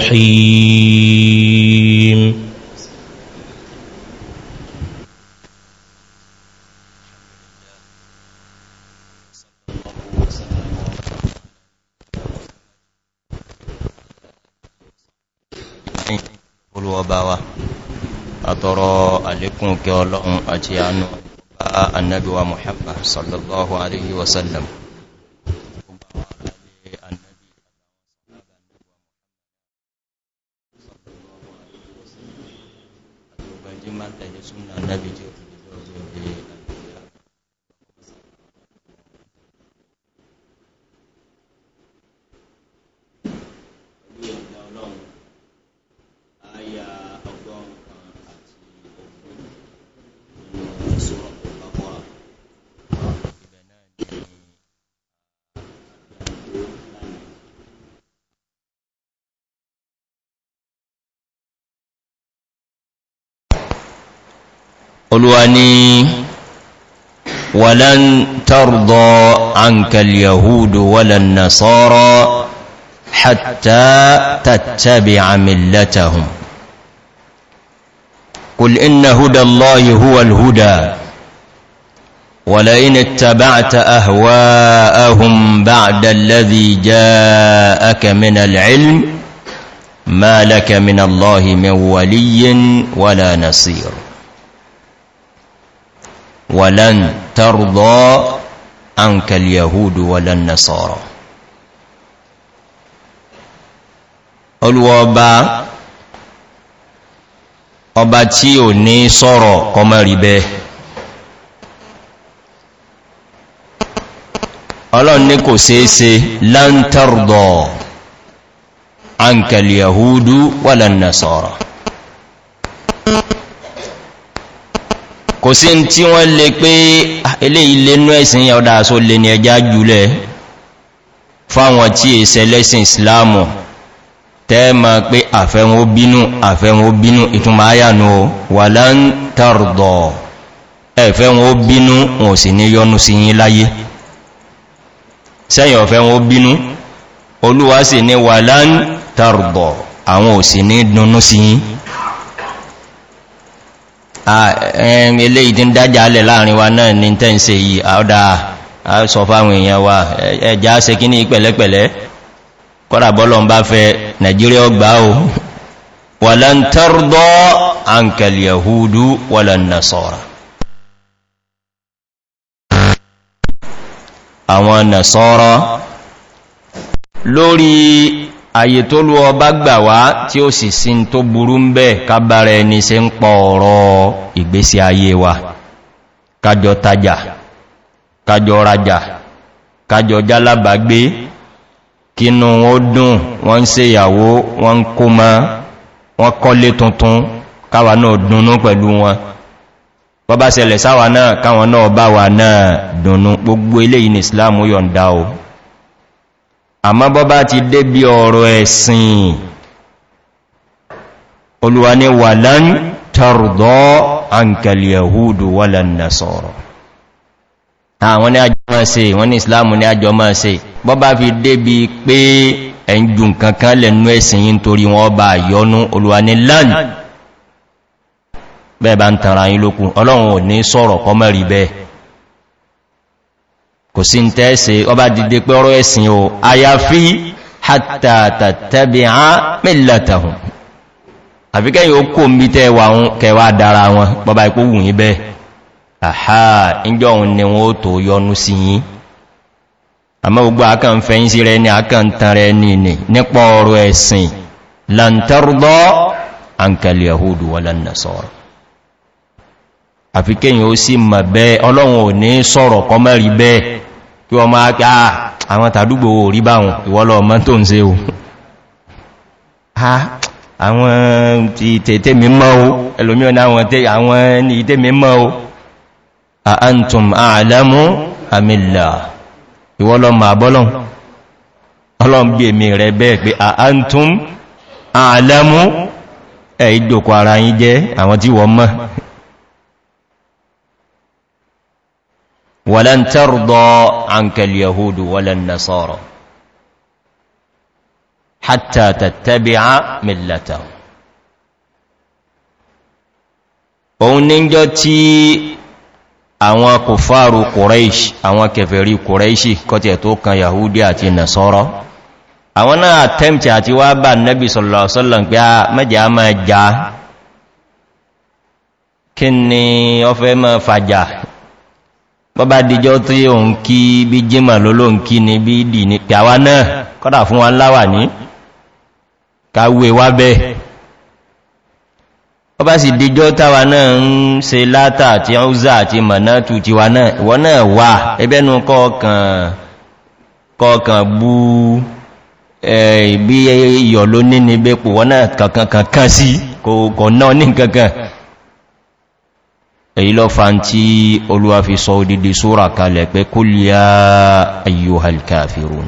الرحيم أترى عليكم كي الله أجيانو النبي ومحمد صلى الله عليه وسلم Nabi nabiyyi olúwa Walan tarda anka al yahudu wàlán nasara hatta tattabi Kul inna huda Allahi huwa al-huda ولئن اتبعت أهواءهم بعد الذي جاءك من العلم ما لك من الله من ولي ولا نصير ولن ترضى عنك اليهود ولا النصارى olùwọ́ba ọba tí ò ní sọ́rọ̀ kọmọ rí bẹ́ ọlọ́run ní kò ṣeéṣe lántàrdọ̀ àǹkàlì yahudu wà lánàá sọ́rọ̀ kò sí tí wọ́n lè pé ah, eléyìí lè nú ẹ̀sìn yà ọ̀dá àṣò lè ní ẹjá jùlẹ̀ fáwọn tí èsẹ̀ lẹ́sìn islamu tẹ́ẹ̀mà pé àfẹ́wọn obínú àfẹ́wọn obínú ìtumà ayánu wà láńtàrdọ̀ ẹ̀fẹ́wọn obínú wọn sì ní yọnu sí yí láyé sẹ́yìn ọ̀fẹ́wọn ilé ìdí ń dájà alẹ̀ láàrin wa náà ní tẹ́ ń se yìí àọ́dá sọ fáwọn èèyàn wa ẹja se kí ní pẹ̀lẹ́pẹ̀lẹ́ kọ́ràbọ́lọ̀ ń bá fẹ́ nàìjíríà gbá o wàlántọ́rọ̀dọ́ àǹkẹ̀lẹ̀ yahudu wàlánnasọ́ra àwọn nasọ́ra lórí àyè tó lú ọba gbà wá tí ó sì sí tó burú ń bẹ́ kábára ẹni se ń pọ ọ̀rọ̀ ìgbésí ayé wa kájọ tajà kájọ rajà kájọ jálábàgbé kínú ó dùn wọ́n ń se ìyàwó wọ́n ń kó mọ́ wọ́n kọ́lé tuntun káwà náà dùnnú pẹ̀lú wọn bọ́bá sẹlẹ̀ sáwà náà káwọn náà bá wà náà dùnnú gbogbo ilé ìní islam yọ̀ndá o àmọ́ bọ́ bá ti débi ọ̀rọ̀ ẹ̀sìn olúwa ni wà lán tàrùdọ́ àǹkàlì yahudu wà lán na sọ̀rọ̀ àwọn ní àjọ máa se wọ́n ní islamu ní àjọ máa se bọ́ bá fi débi pé ẹ̀njù kankan lẹ̀nú ẹ̀sìn yí nítorí wọ́n bá yọnú olúwa ni lán bẹ́ẹ̀ bá ń tara yí lókun ọlọ́run ò ní sọ̀rọ̀ kọmọ̀rí bẹ́ẹ̀ kò sí tẹ́ ṣe ọba dìde pé ọrọ̀ ẹ̀sìn o àyàfí hàtàtàtàbí á mẹ́lẹ̀tàhùn àfikẹ́yìn ó kò mí tẹ́ wà ń kẹwà dára wọn bọ́bá ipò wù yí bẹ́ẹ̀ àhá ìjọ òun ni wọ́n tó yọnu sí yí àmọ́ gbogbo akàn fẹ́yìn sí rẹ ní àfi kéyìn ó sì mọ̀ bẹ́ ọlọ́run ò ní sọ̀rọ̀ kọ mẹ́rí bẹ́ kí wọ́n máa kí ah, àwọn tàdúgbò orí báhùn ìwọ́lọ̀ ọmọ tó ń se o ah, àwọn tètè mímọ́ o ẹlòmíọ́ ní àwọn tètè mímọ́ o àántùm àlẹ́mú àmìlà ìwọ́lọ̀ ma bọ́lọ̀ ọlọ́run bí èmì rẹ̀ bẹ́ẹ̀ pé àántùm àlẹ́mú ẹ̀ ìdòkò ara yìí jẹ́ àwọn tí wọ́n mọ́ ولن ترضى عنك اليهود ولا النصارى حتى تتبع ملته òun níjọ́ tí àwọn kòfààrù kòrèṣì àwọn kèfèrí kòrèṣì kọ́ tí ẹ̀ tó kan yahudi àti nasọ́rọ̀ àwọn náà attempt àti wá bá nẹ́bí sọ̀lọ̀sọ́lọ̀ pé a mẹ́jẹ̀ a máa já kí ni ọ fẹ́ máa fàjà bọ́bá dìjọ́ tí òun kí bí jímà lólóhun kí ni bí dì ní pẹ̀ àwá náà kọ́dà fún wọn láwà ní káwé wá bẹ́ bọ́bá sì dìjọ́ táwà náà ń se látà àti ọ́zà àti mọ̀nátù ti wà náà ìwọ náà wà ẹbẹ́nu kọ́ọ̀kan bú ìbí iyọ̀ lónìí ní èyí lọ fa tí olúwa fi sọ òdìdí sóra kalẹ̀ pé kó lè ayò halkafirun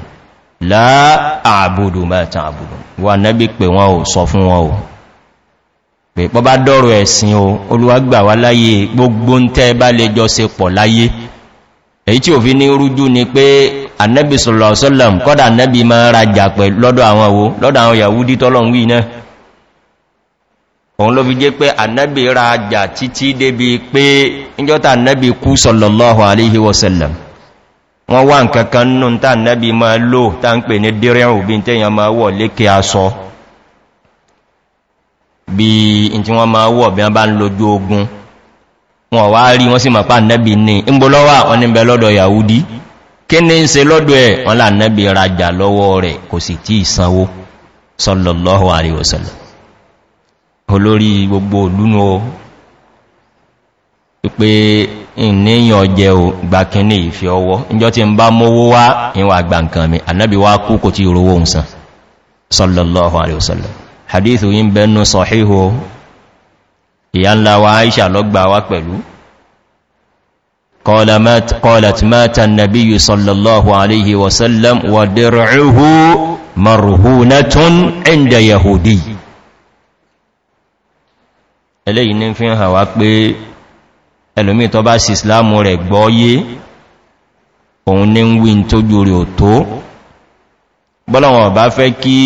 láàbùdù mẹ́ta àbùdù wà nábi pé wọn ò sọ fún wọn ò pé pọ́ bá dọ́rọ̀ ẹ̀sìn o olúwa gbà wá láyé gbogbo ń tẹ́ bá lè jọ se pọ̀ láyé èyí tí ò fi ní rújú ni pé annabi sọ̀rọ̀ sọ́lọ̀m kọ́dà annabi máa rajà pẹ̀ lọ́dọ̀ àwọn àwọn yahudi tọ́lọ̀ ń wí náà òun ló fi jẹ́ pé annabi rajà títí débi pé níjọ́ta annabi kú sọ̀lọ̀lọ́hù aléhi wasallam wọ́n wá nkankan nù tá annabi ma lò tá ń pè ní dírẹ́rùn bí tẹ́yàn ma wọ̀ lékè aṣọ bí i tí wọ́n ma wọ̀ bí wọ́n bá ń lójú ogun wọ́n wá rí wọ́n sì ma pa annabi ní ìgbólọ́wà ọ́nibẹ̀ lọ́dọ̀ yahudi kí ní ń se lọ́dọ̀ ẹ̀ wọ́n lá annabi rajà lọ́wọ́ rẹ̀ kò sì tí ìsanwó sọ̀lọ̀lọ́hù aléhi wasallam olórí gbogbo olúnu o pé ìníyàn ọjẹ́ o gbàkíní ìfẹ́ ọwọ́ ìjọ tí ń bá mówó wá ìwà àgbà nǹkan mi annabi wá kú kò tí ìrówó ń sàn sallallahu alaihi wasallam hadithu yin bẹnu sọ̀híhò ìyá ńlá wa aisha lọ́gbà قالت مات النبي صلى الله عليه وسلم ودرعه مرهونة عند يهودي eléyìí ní fi hàn wá pé ẹlòmí tó bá sí islamu rẹ̀ gbọ́yé òun ní ń wí tójú rẹ̀ ò tó bọ́lọ̀wọ̀n bá fẹ́ kí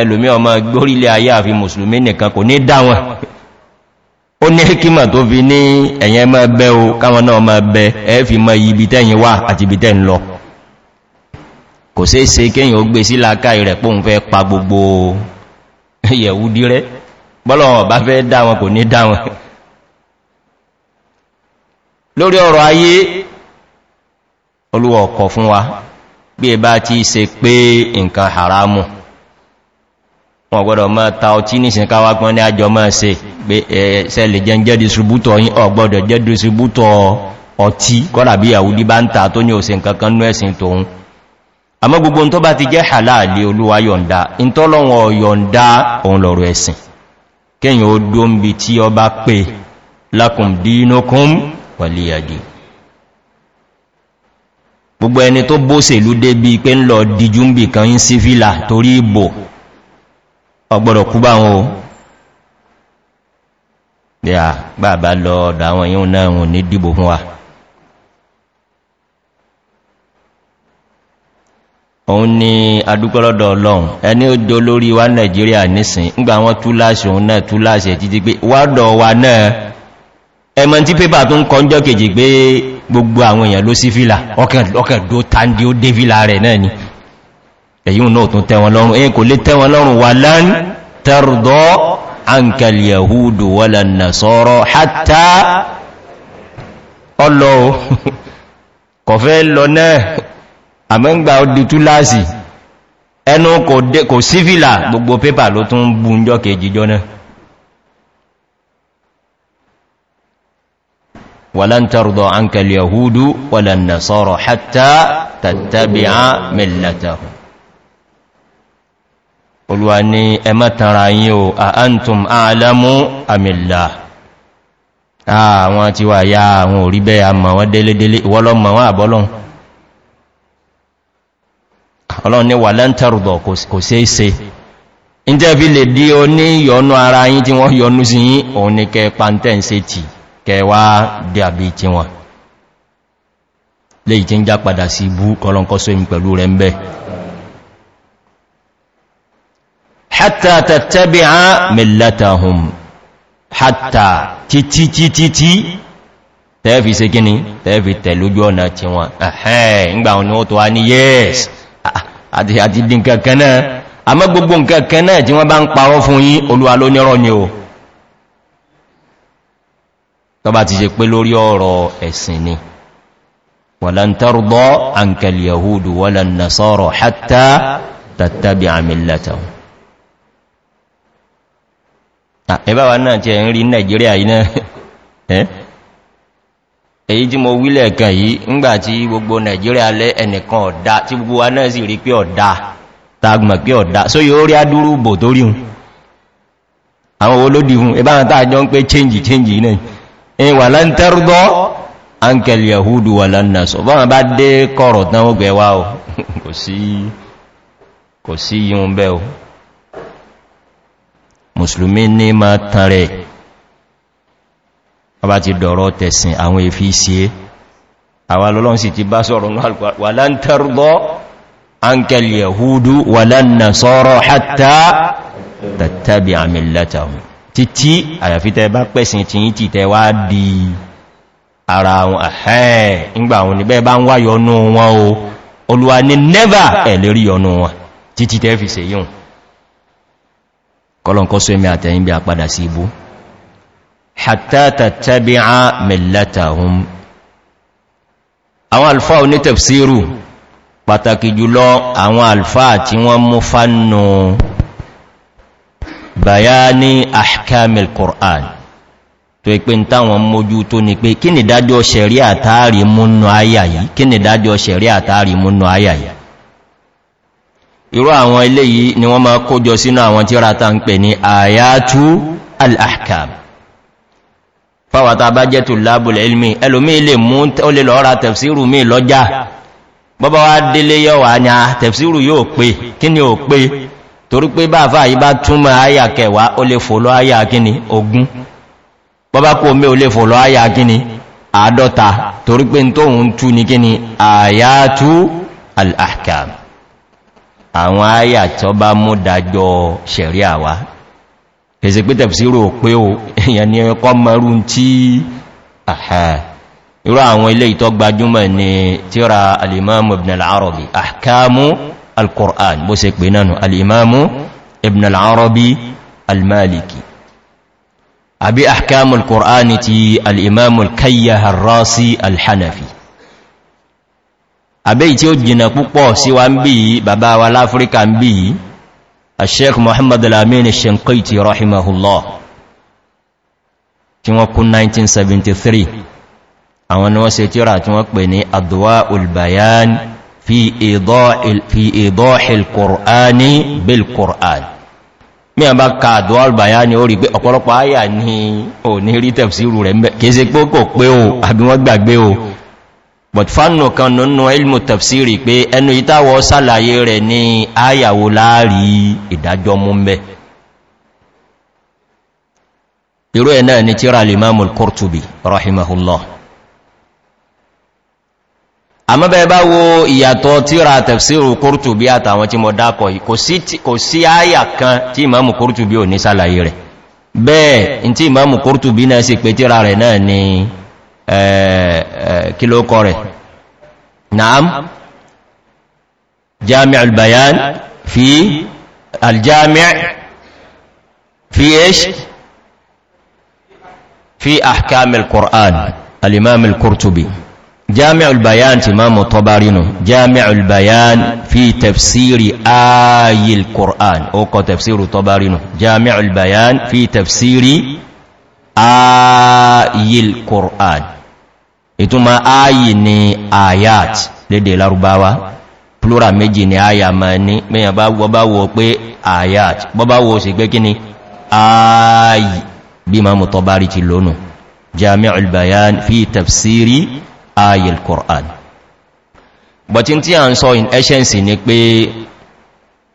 ẹlòmí ọmọ gbórílẹ̀ ayé àfi musulmi nìkan kò ní dáwọn ó ní kíma tó fi ní ẹ̀yẹn mọ́ bẹ́ o káwọn náà mọ́ bẹ́ ẹ fi mọ́ ibi tẹ́yìn wà àti ibi tẹ́ lọ kò sí ṣe kéyìn ó gbé sí lákàí rẹ̀ pòun fẹ́ pa gbogbo yẹ̀wú dírẹ́ bọ́lọ̀wọ̀ bá fẹ́ dá wọn kò ní dá wọn lórí ọ̀rọ̀ ayé olúwọ̀ ọ̀kọ̀ fún wa bí ẹ bá ti ṣe pé nǹkan haramu wọn gbọ́dọ̀ mọ́ ta ọtí ní ìsìnkáwà pọ́n ní àjọ mọ́ ṣe pé ẹ̀ṣẹ́ lè jẹ́ jẹ́ distributọ̀ yí ọgbọ́dọ̀ jẹ́ distributọ̀ ọtí kọ́dà bí yàwúdí bá ń ta tó ní òsìn kankan ní ẹ̀sìn tóun àmọ́ gbogbo tó bá ti jẹ́ hàláàlì olúwa yọ̀ǹda ìntọ́lọ́wọ̀n yọ̀ǹda òun lọ̀rọ̀ ẹ̀sìn kíyàn ó dó ń bí tí ọ bá pè lákùn dínúkún pẹ̀lìyàdì gbogbo ẹni tó bóṣèlú dé bí pé ń lọ díjú ń bì kan ń sí fílà torí ìbò ọgbọ̀dọ̀ kú bá wọn o bí bá lọ ọ̀dọ̀ àwọn yíò náà ní dìbò fún wa òun ni adúgbọ́lọ́dọ̀ ọlọ́run ẹni ó dó lórí wá nàìjíríà nísìn ńgbà wọn túláṣì òun náà túláṣì títí pé wádọ̀ wa náà ẹmọ tí pépà tó ń kọjọ́ kejì pé gbogbo àwọn èèyàn ló sí fílà ọkàn ni àmọ́ngbà ọdí túláàsì ẹnu kò sífìlà gbogbo pépà ló tún ń bú ǹjọ́ kejì jọna wàlántàrùdọ̀ ankal yahudu wàlànà sọ́rọ̀ hátà tàtàbí á mẹ́lẹ̀ta olúwa ni ẹmọ́tara yí o a antum alamu amìlá ah, àwọn tí wà yá àwọn òrí bẹ́ ọlọ́run ní wà lẹ́ntẹ̀rùdọ̀ kò sí ṣe ìjẹ́bí lè dí o ní yọnú ara yín tí wọ́n yọnú sí yín òun ní kẹ pàntẹ́ tì kẹwa dàbí tí wọn lè ń já padà sí pẹ̀lú rẹ̀ ó tó wá ní àti àti di nǹkan kan náà àmọ́ gbogbo nǹkan kan náà tí wọ́n bá ń parọ́ fún yín olúwa ló nírọ́ ni o tó bá ti ṣe pé lórí ọ̀rọ̀ ẹ̀sìn ni walan tarda yahudu walan èyí tí mo wílẹ̀ kan yìí ńgbàtí gbogbo nigeria lẹ́ ẹnìkan ọ̀dá tí gbogbo wa náà sì rí pé ọ̀dá tagbọ̀n pé ọ̀dá só yóò rí adúrú bò tó rí hun àwọn olódi hun ìbáwọn tàà jọ ń change change náà in wà ankel yahudu wà lánàṣọ́ ba kọrọ o ma ọba ti dọ̀rọ̀ tẹ̀sìn àwọn èfi sí é àwọn alọ́lọ́n sì ti bá sọ̀rọ̀ wà lántẹ́rùgbọ́ ánkẹl yahudu wà lánà sọ́rọ̀ hátà tàbí àmìlátàun títí àyàfítẹ́ bá pẹ̀sìn tí yí títẹ wá di ara wọn àhẹ́ ìgbà wọn ni bẹ́ bá ń wá never ẹ̀ lérí yọnú wọn títí tẹ́ fi se yíò kọlọ̀nkọ́sọ́ bí a padà sí ibú hatta tattabi'a millatahum àwọn alfa oni tafsiru pàtàkì jùlọ àwọn alfa tí wọ́n mú fannu bayani ahkamil qur'an tó ipe n táwọn mójú tó ni pé kí ni dájọ́ ṣẹ̀rí àtàrí múnú ayà yìí kí ni dájọ́ ṣẹ̀rí àtàrí múnú ayà irú àwọn eléyìí ni wọ́n máa kójọ sínú àwọn tíra ta ń pè ní àyátú al fáwàtà bá jẹ́ tó lábùlẹ̀ ilmi ẹlòmí ilé mú ó lè lọ́ra tẹ̀fsíru mí lọ́já bọ́bá wá délé yọ́wà ní ah, tẹ̀fsíru yóò pé kí ni ò pé torí pé bá fà yí bá túnmọ̀ ayà kẹwà ó lè fòlọ́ ayà kíni ogun bọ́bá kó mé ó lè fòlọ́ ayà kíni àádọ́ta torí pé tóhun tú ní kíni àyàtú al-ahkam àwọn ayà tó bá mú dájọ́ sẹ̀rí àwá kèsè pé tẹ̀fṣírò pé o èyàn ni ẹkọ́ mọ́rú tí àhà irú àwọn ilé ìtọ́gbajúmọ̀ ni tíra alìmọ́mù ibn al'arabi àkámú al-qur'an bó se pè nánu alìmọ́mù ibn al'arabi al-maliki àbí àkámù al-qur'an ti alìmọ́mù kayyahar rasi الشيخ محمد الأمين الشنقيتي رحمه الله tí wọ́n 1973 àwọn ni wọ́n se tíra tí wọ́n pè ní àdúwà olbayan fi ìdọ́hìl kòrání bil kòrán mí a bá ka àdúwà olbayan ó rí pé ọ̀pọ̀lọpọ̀ ayà ní ò ní rí tẹ̀fsíru rẹ̀ kése pé kò pé o àbí wọ́n gbàgbé o but fánù kan nínú ilmù tafsiri pé ẹnu ìtawọ̀ sàlàyé rẹ̀ ní ayàwó láàrí ìdájọ́ mú mẹ́ irú ẹ̀ náà ni tíra limamu al-kurtubi rahimahullah àmọ́bẹ̀ bá wo ìyàtọ̀ tíra tafsiru kurtubi àtàwọn tí mọ̀ dákọ̀ kò sí ayà kan tí imamu kurtubi ò ní sàlàyé rẹ̀ bẹ́ẹ̀ in tí imamu kurtubi náà sì pé tíra rẹ̀ ni kí ló kọ rẹ̀ naam jami' al-bayan fi aljami' fi ish fi ahkam al-qur'an al-imam al-qurtubi jami' al-bayan ti mamu tabarinu jami' al-bayan fi tafsiri ayi al-qur'an ó kọ tafsiru tabarinu jami' al-bayan fi tafsiri ayi al-qur'an ìtumọ̀ ayi ni ayat lédè larubawa plural méjì ni aya ma ní mẹ́yàn bá gbọ́bá wo pé ayat gbọ́bá wo sì pé kí ni ayi bí ma mú tọbárí ti lónù jami'ul bayan fi tafsiri ayil qur'an bọ̀tí tí a ń sọ in essence ni pé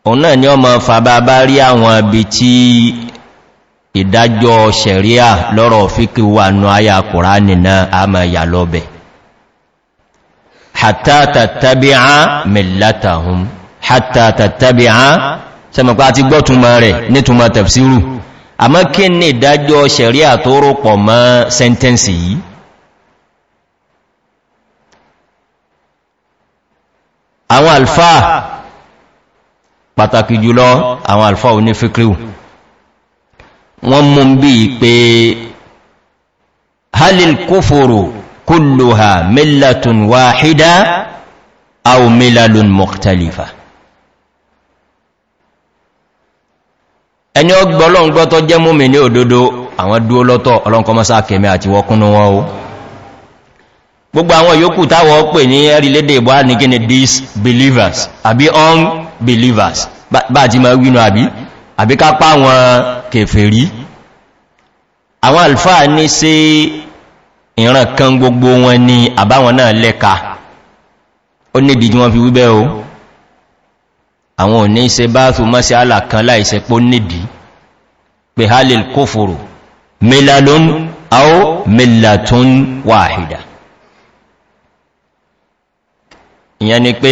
òun ni ọmọ fàbá bá rí àwọn ibi tí ìdájọ́ sẹ̀ríà lọ́rọ̀ fíkí wà nù ayà kùránì náà a ma yà lọ́bẹ̀ hatta tattabi'a millatahum hatta tattabi'a sẹ́mọ̀pá ti gbọ́túnmọ̀ rẹ̀ nítúnmọ̀ tafsiru àmá kí ní ìdájọ́ sẹ̀ríà tó àwọn alfáà pàtàkì jùlọ àwọn alfáà onífíkíríwù wọ́n mú bí i pé halil kúfòrò kúlùhà millatun wáhídá au milalun mọ̀tàlífà ẹni ọgbọ̀ ọlọ́ngbọ́ tó jẹ́ múmi ní òdodo àwọn dúó lọ́tọ̀ ọlọ́nkọmọ́sá kẹmẹ àti wọkúnnú wọn o gbogbo àwọn yòókù táwọn pè ní ẹ̀rìlédè ìbò ní gíní disbelievers àbí unbelievers bá ti ma wínú àbí àbí ká pa àwọn kèfèrí àwọn alfáà ní sí ìran kan gbogbo wọn ni àbáwọn náà lẹ́ka ó nídi jí wọ́n fi wíbẹ́ o àwọn ò ní ṣe bá fi mọ́sí alákan láìsẹ̀ pó nídi pé halil kófòrò mélàlón àó mélàtún wàhìdà ìyẹn ni pé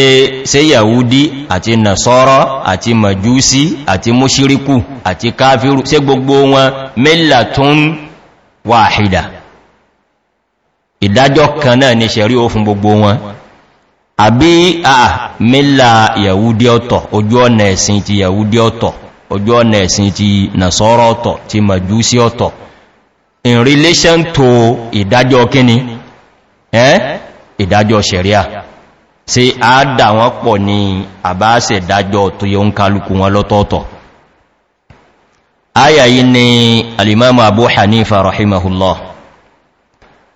ṣe yahudi àti nasọ́rọ̀ àti majúsí àti mọ́ṣíríkù àti káfíru ṣe gbogbo wọn mẹ́là tún wàhídà ìdájọ́ kan náà ni ṣẹ̀rí ó fún gbogbo wọn àbí àà mẹ́là yahudi ọ̀tọ̀ ojú ọ̀nà ẹ̀sìn ti yahudi ọ̀tọ̀ ojú ọ̀nà ẹ̀sìn ti nasọ́rọ̀ ọ̀tọ̀ ti majúsí ọ̀tọ̀ in relation to ìdájọ́ kíni eh ìdájọ́ ṣẹ̀ríà yeah sí àádà wọn pọ̀ ní àbáṣẹ̀ dájọ́ tó yẹ ń kálukú wọn lọ́tọ́ọ̀tọ̀ ayayi ni alimamu abu hanifa rahimahullah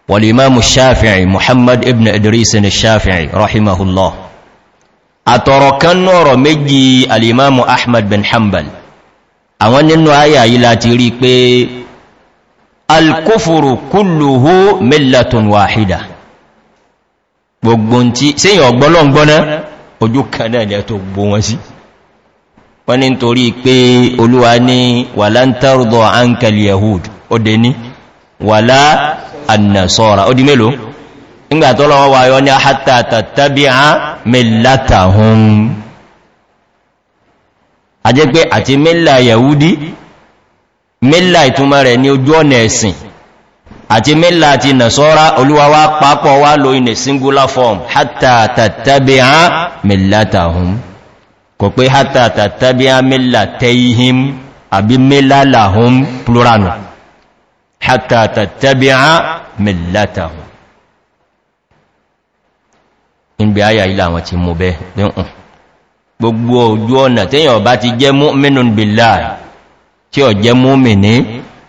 walimamu shafi'i muhammad ibn idris ni shafi'i rahimahullah àtọ̀rọ̀ kan nọ́rọ̀ méjì alimamu ahmad bin hanbal àwọn nínú ayayi láti rí pé alkufuru kulluhu millatun wahida gbogbo tí síyàn ọgbọ́lọ́gbọ́ná ojú kanáà ni ẹ̀tọ́ gbogbo wọn sí wọ́n ni torí pé olúwa ní wàlá ń tàrùdọ̀ ánkàlì yahood ó dé ní wàlá annasọ́ra ó di mélòó ìgbàtọ́lọ́wọ́ wáyọ́ ní àhátà tàbí àti mẹ́lá àti nàṣọ́rá olúwa wá pápọ̀ wá lò in singular form hátà tàbí á mẹ́lá tàhún kò pé hátà tàbí á mẹ́lá tẹ́yìn àbí mẹ́lá làhún pluranu hátà tàbí á mẹ́lá tàhún níbi ayà ilá àwọn ti mú bẹ́ gbogbo ojú ọ̀nà tí ọ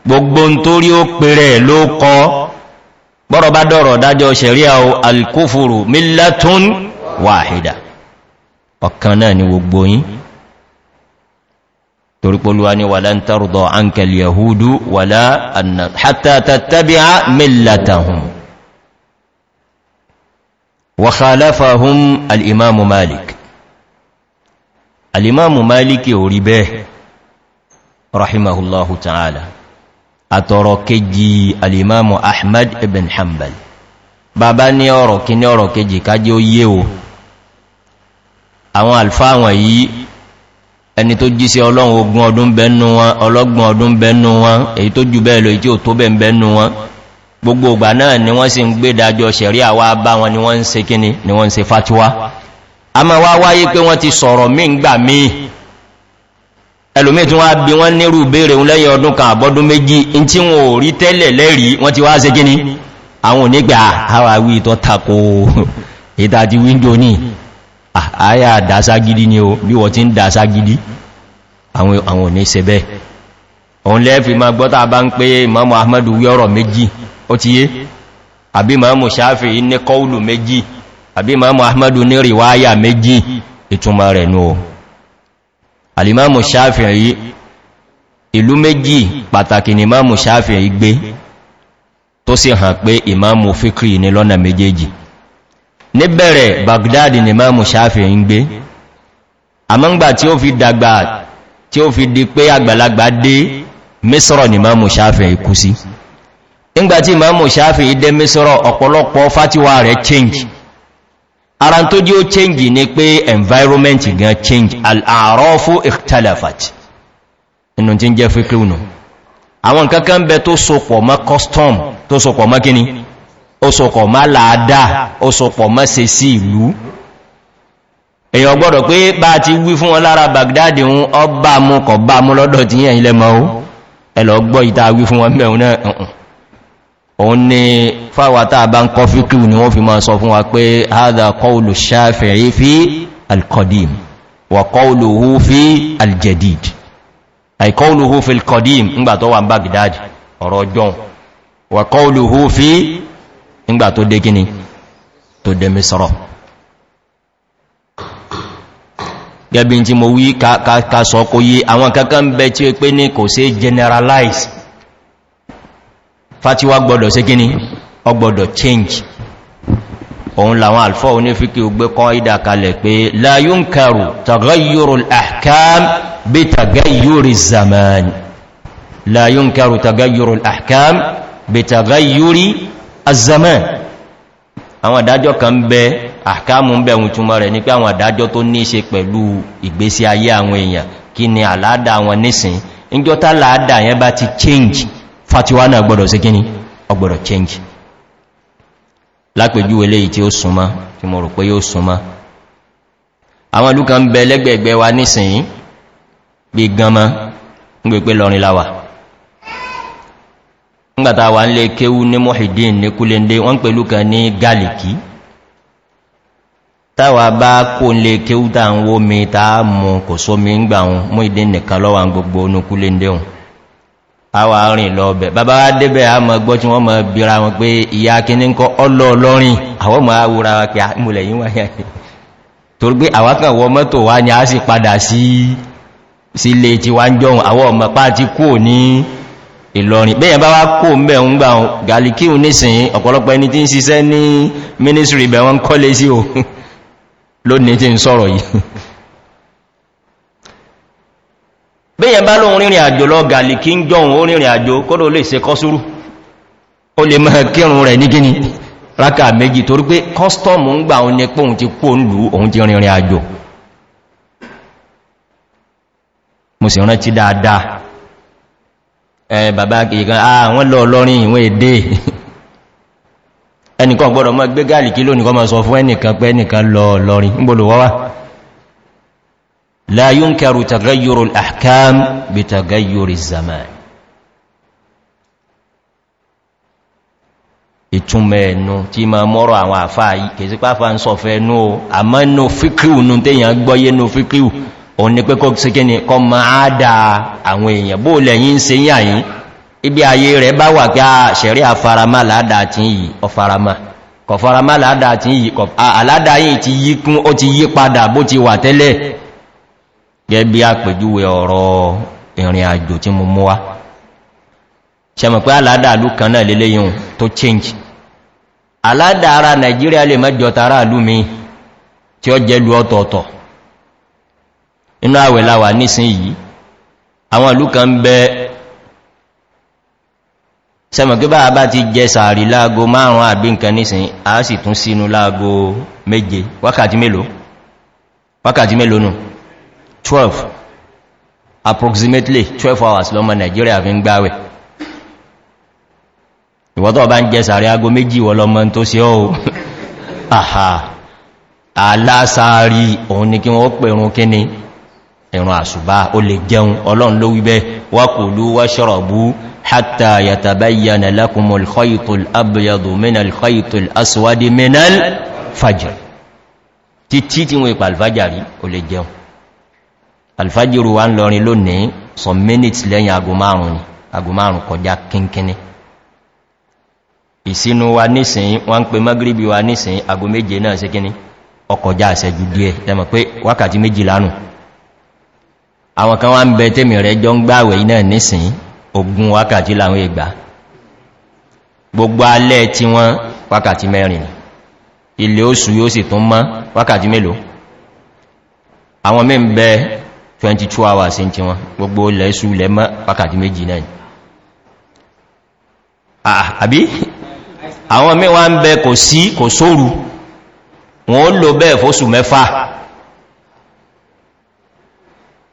gbogbo ń torí ó pèrè ló kọ bọ́rọ̀ bá dọ̀rọ̀ dájọ́ ṣẹ̀ríà o alkúfùrù mílẹ̀tún wàhídà ọ̀kan náà ni gbogbo yí torípolúwa ni wà lántàrùdọ̀ ánkẹlì yahudu wà látàtàbíà mílẹ̀tàhùn wàhálàfàhùn ta'ala àtọ̀rọ̀ kejì alìmáàmù ahmad ibn hanbal bàbá ní ọ̀rọ̀ kí ní ọ̀rọ̀ kejì kájí ó yé o àwọn alfáwọn yìí ẹni tó jí sí ọlọ́run ogun ọdún bẹnu wọn ọlọ́gbọ̀n ọdún bẹnu wọn èyí tó jù bẹ́ẹ̀ lọ èyí tí ò tó bẹ̀ bẹnu wọn gbogbo ògbà náà ni wọ́n sì ń gbé dájọ́ sẹ̀rí àwá bá wọn ni wọ́n ń se kíni ni wọ́n ń se fatiwa a ma wá wáyé pé wọ́n ti sọ̀rọ̀ mí ń gbà míì ẹlòmí tí wọ́n bí wọ́n nírú bèèrè ń lẹ́yìn ọdún kan àbọ́dún méjì in tí wọ́n ò rí tẹ́lẹ̀ lẹ́rí wọ́n ti wá ṣe gíní àwọn onígbà ah, àwàwí ìtọ́ tako ìdájí wíńdò ní ah, àyà dáságidi ni o bí wọ́n ti ń dáságidi àwọn òní ṣe bẹ́ òun lẹ́fì ma gbọ́ta bá ń ìtumọ̀ rẹ̀ nù o alìmáàmù sáfìrí ìlú méjì pàtàkì ni máàmù sáfìrí gbé tó sì hàn pé ìmáàmù fíkìrì ní lọ́nà méjèèjì níbẹ̀rẹ̀ baghdad ni máàmù sáfìrí gbé àmọ́ngbà tí ó fi dàgbà tí ó fi di pé àgbàlagbà dé mísọ́rọ̀ ni máàmù sáfìrí kú sí nígbàtí máàmù sáfìrí dé mísọ́rọ̀ ọ̀pọ̀lọpọ̀ fátíwà rẹ̀ change ara tó jí ó change ni pé environment gan change al'arọ́fú ikhtalafat inú tí ń jẹ́ fíkúnù àwọn kankan bẹ tó sopọ̀ mọ́ custom tó sopọ̀ mọ́ kíní ó sopọ̀ mọ́ láàdá ó sopọ̀ mọ́ se sí ìlú èyàn gbọ́dọ̀ pé bá ti wí fún wọn lára baghdad ń ọba mú kọ̀ bá mú lọ́dọ̀ tí yẹn ilẹ̀ mọ́ ẹlọ́gbọ́ ìta wí fún wọn mẹ́un náà òun ni fáwàtà bá ń kọ́ fíkú ni wọ́n fi máa sọ fún wa pé hádà kọ́ùlù sáfẹ̀ẹ́ fi alkodim wà kọ́ùlù hú fi aljadid àìkọ́ùlù hú fi alkodim ńgbà tó wà ń baghdad ọ̀rọ̀ john wà kọ́ùlù hú fi ńgbà tó dé gíní tó dé misọ́rọ̀ gẹ́bí fatiwa gbọdọ̀ sí gíní ọgbọdọ̀ change òun làwọn alfọ́ onífíkí ogbé kọ́ ìdàkalẹ̀ pé láyún kẹrù tagayyurul ahkam bí tagayyuri zaman láyún kẹrù tagayyurul ahkam bí tagayyuri azaman àwọn àdájọ́ kan bẹ àkámù ń bẹ̀rùn túnmọ̀ rẹ̀ ní pé àwọn àdájọ́ tó ní ṣe pẹ̀lú ìgbésí ayé àwọn èèyàn kí ni àládà àwọn nísìn ìjọ́ta láàdà yẹn bá ti change fatiwa náà gbọ́dọ̀ sí gíní ọgbọ̀dọ̀ change lápẹjú eléyìí tí ó súnmọ́ tí mo rò pé yóò súnmọ́ àwọn ìlú bẹ lẹ́gbẹ̀ẹ́gbẹ́ wa nísìnyí bí gama ń gbé pé lọrin láwà ńgbàtà wà ń lè kéwú ní mọ́hìdín ní kúlẹ̀ndé wọ́n pẹ̀lú ta ní gálìkì táwà bá kó ń lè kéwú tàà ń wó mi tàà mú kò sómi ń gbà wọn mú nìkan lọ́wà gbogbo onúkúlẹ̀ndé wọn àwà rìn lọ bẹ̀ bàbá wá débẹ̀ a mọ̀ gbọ́ tí wọ́n mọ̀ bíra wọn pé ìyá kíní kọ́ ọlọ́ ọlọ́rin àwọn mọ̀ àwúra wa pé múlẹ̀ yín wáyé torí pé àwákan wọ mọ́tò wá ní a sì padà sí sílé tí wá ń jọun àwọn ọmọ bẹ́yẹn bá lóun rìnrìn àjò lọ gàlì kí ń jọun ó rìnrìn àjò kódò lè se kọ́súrú ó lè mọ́ kírùn rẹ̀ ní gíní rákà méjì torí pé kọ́stọ̀mù ń gbà oúnjẹ pé ti ń lù ti rìnrìn àjò mo sì rántí dáadáa ẹ bàbá lọ لا ينكر تغير الأحكام بتغير الزمان ìtúnmẹ̀ ẹ̀nu tí ma mọ́rọ̀ àwọn àfáà yìí kèsí pàfà ń sọ̀fẹ́ ẹnu o a mọ́ inú fíkíù nù tèyàn gbọ́yé inú fíkíù o ní pé kọ́ sí kí ni kọ́ ma á dá àwọn èèyàn bó lẹ́yìn se yà yìí ibi ayé rẹ̀ bá wà pé ṣẹ̀rí àfaramá ládàá gẹ́ bí àpèjúwe ọ̀rọ̀ ìrìn àjò tí mo mú wá ṣẹmọ̀ pé aládàálù kan náà lélé yìí tó change aládàára nigeria lè mẹ́jọ tààrà àlú mi tí ó jẹ́ lu ọ̀tọ̀ọ̀tọ̀ inú àwẹ̀ láwà nísìn yìí àwọn ìlú kan bẹ ṣẹmọ̀ pé báa bá ti jẹ sàárì láago márùn-ún àbí nǹkan nísìn a sì tún sínú láago méje wákàtí mélòó wákàtí mélòó nù no? 12 approximately 12 hours lọ́mọ Nigeria fi ń gbáwẹ̀ ìwọ́tọ̀ bá ń jẹ sàárẹ́ ago méjì wọ lọ́mọ tó sí ọ́ àhà alásáàrí òun ni kí wọ́n pẹ̀rún kíni ìrun àṣùbá ó lè jẹun ọlọ́run ló wíbẹ́ wákòlú wáṣọ́rọ̀bú hatta yatabayyana lakumul khaytul abyadu minal khaytul aswadi minal fajr títí tí wọ́n ìpàlfàjà rí ó lè jẹun alfajiru wa ń lọrin lónìí some minutes lẹ́yìn ago márùn kọjá kínkíní ìsinú wa nísìn wọ́n pe magribi wa nísìn ago méje náà sí kíní ọkọjá àṣẹjú díẹ̀ lẹ́mọ̀ pé wákàtí méjì lánù àwọn kan wá ń bẹ tèmì rẹ̀ jọ ń gbáwẹ̀ iná nísìn ogun wákàtí láwọn ìgbà gbogbo alẹ́ tí wọ́n wákàtí mẹ́rin ilé oṣù yóò sì tún mọ́ wákàtí mélòó àwọn mẹ́ 22 hours in ti wọn gbogbo lẹ́sù lẹ́mọ́ wákàtí méjì náà ah, ah, àbí àwọn mẹ́wàá ń bẹ kò sí kò sóòrù wọ́n lò bẹ́ẹ̀ fóṣù mẹ́fà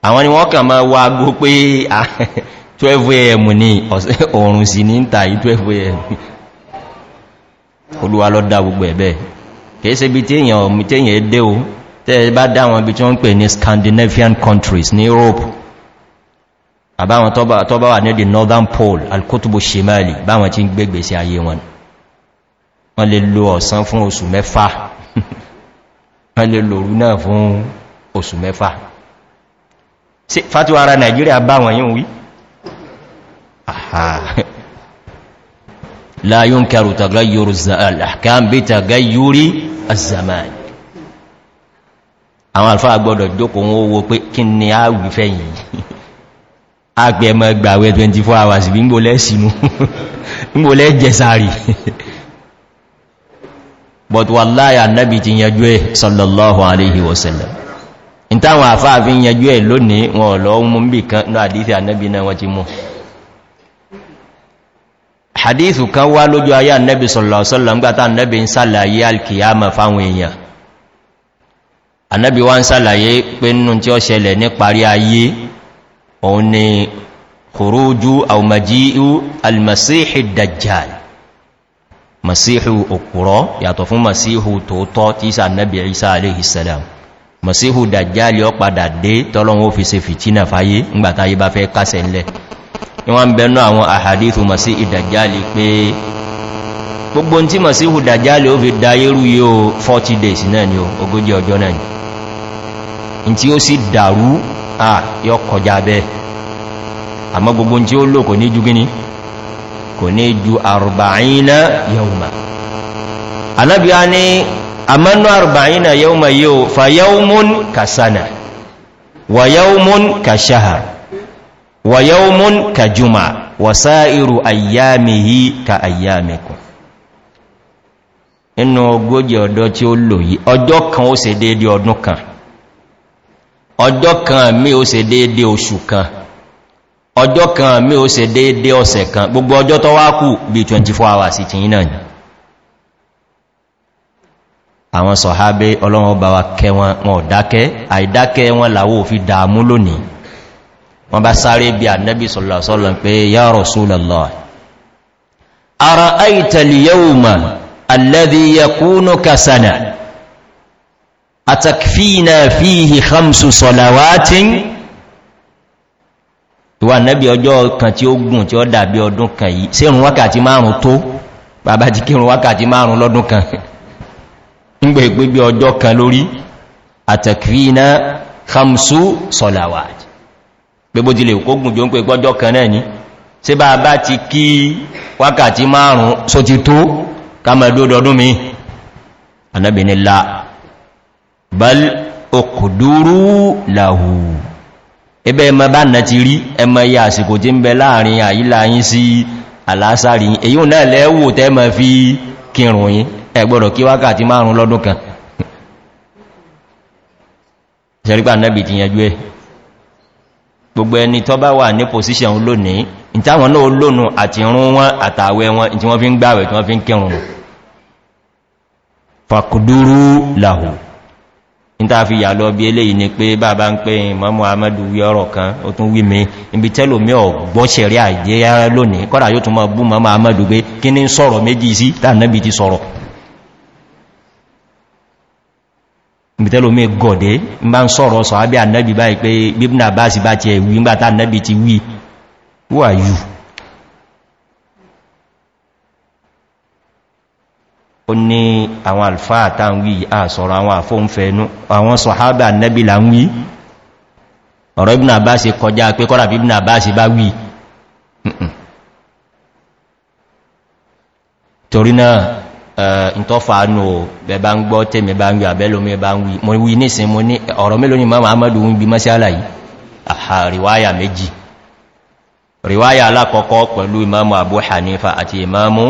àwọn ni wọ́n kà máa wá gbó pé 12am ah, ní ọ̀run sí ní ìta 12am olúwa lọ́dá gbogbo ẹ̀bẹ̀ kìí ṣe bí tí èyàn ọmọ tí èyàn dé o tẹ́ bá dáwọn ibi tí wọ́n ń pè ní scandinavian countries ní europe àbáwọn tó bá wà ní the northern pole alkotubo shemali báwọn tí ń gbégbé sí ayé wọn wọ́n lè lo ọ̀sán fún oṣù mẹ́fà wọ́n lè lòrú náà fún oṣù mẹ́fà fàtíwà ara nigeria báwọn yíò wí láyún kẹrù tàgáyòrò àkàmbé tàgáyòrí azamani àwọn alfáà gbọ́dọ̀ jókòó wọn owó pé kí ni a wù fẹ́ agbẹ̀ mọ́ gbàwẹ́ 24 hours bí ngbòlẹ́ sínú ngbòlẹ́ jẹsàrì but wallahi annabi ti yanjú ẹ̀ sallallahu alaihi wasallam in táwọn àfáà fi yanjú ẹ̀ lónìí wọn lọ mú bí kan ní àdíthì annabi náà wọ́n ti mú hadithu kan wá lójú ayé annabi sallallahu alaihi wasallam gbátá annabi ń sàlàyé alkiyama fáwọn èèyàn anábi wá ń sàlàyé pé nínú tí ó ṣẹlẹ̀ ní parí ayé òun ni kòrójú àwòmàjíú almasihi dajjal masihu òkúrọ yàtọ̀ fún masihu tóótọ́ tí sà nábi isa aléhìsàlám masihu dajjal yọ padà dé tọ́lọ́wọ́ fi se fìtínà fáyé ngbàtayé bá fẹ́ kásẹ̀ ńlẹ̀ wọ́n bẹ̀nú àwọn àhàdíthù masí ìdàjálì gbogbo tí masí ìdàjálì ó fi dayérú yóò 40 days náà ni ó ogójì ọjọ́ náà ni tí ó sì dàrú à yọ kọjá bẹ́ àmọ́ gbogbo tí ó lò kò ní ju gíní kò ní ju àrùbàáyínà yawma anábíá ní àmánú àrùbàáyínà yawma yíò fa yawmun kasana wa yawmun kashahar wa yawmun kajuma wa sa'iru ayyamihi ka ayyamikum inú ogójì ọ̀dọ́ tí ó lò yìí ọjọ́ kan ó se déédé ọdún kan ọjọ́ kan mí ó se déédé oṣù kan ọjọ́ kan mí ó se déédé ọ̀sẹ̀ kan gbogbo ọjọ́ tó wá kù bí 24 hours ti yí náà ni àwọn sọ̀hábé ọlọ́run bá wa kẹ wọn wọn dákẹ́ àìdákẹ́ wọn làwó fi dààmú lónìí wọ́n bá sáré bí ànẹ́bí sọ̀lọ̀sọ́lọ̀ pé yá rọ̀súlọ̀lọ́ ara aìtàlì yóò mà alẹ́bí yẹ kúnú kásánà àtàkfíìnà fíìhì khamsu sọ̀làwátín ìwà nẹ́bí ọjọ́ kan tí ó gùn tí ó dàbí ọdún kan yìí sírùn wákàtí márùn tó bàbá ti kírùn wákàtí márùn lọ́dún kan ń gbé pé bí ọjọ́ kan lórí àtàkfíìnà khamsu sọ̀làwátín gbogbo tí bá bá ti bal okuduru lahu. ẹbẹ́ ẹmọ bá nà ti rí ẹmọ ya àsìkò tí ń bẹ láàrin àyílá yín sí àlásàrí èyí náà lẹ́wò tẹ́ mọ̀ fi kírùn yí ẹgbọ́dọ̀ kí wákàtí márùn lọ́dún kan ṣẹ̀rípà nẹ́bì ti yẹjú ẹ gbogbo ẹni tọ́ bá wà ní pòsíṣẹ̀un lónìí ìtàwọn náà lónù àti rún wọn àtàwẹ wọn tí wọ́n fi ń gbàwẹ̀ tí wọ́n fi ń kírùn fàkùdúrú làhùn níta fi yà lọ bí eléyìí ni pé bàbá ń pé ìmọ́mù amẹ́dù wí ọ̀rọ̀ kan ó tún wí mi ibi tẹ́lò mí ọ̀gbọ́n ṣẹ̀rí àìyẹ́ lónìí kọ́dà yóò tún mọ́ bú mọ́mù amẹ́dù pé kí ní sọ̀rọ̀ méjì sí tàbí ti sọ̀rọ̀ ibi tẹ́lò mí gọ̀dẹ́ ń bá ń sọ̀rọ̀ ó ní àwọn alfa àtàwí àsọ̀rọ̀ àwọn àfóúnfẹ́nú àwọn sọ̀hábà nẹ́bí là ń wí ọ̀rọ̀ ibùn àbá se kọjá pé kọ́rà bí ibùn àbá se bá wí torí náà ìtọ́fà bẹ̀bá ń gbọ́ tẹ́mẹ̀ bá ń wí àbẹ́lómi bá ń wí ni máa amadu ń bí mọ́síálà yìí àhà ríwáyà méjì ríwáyà alákọ̀ọ́kọ́ pẹ̀lú imamu abu hanifa àti imamu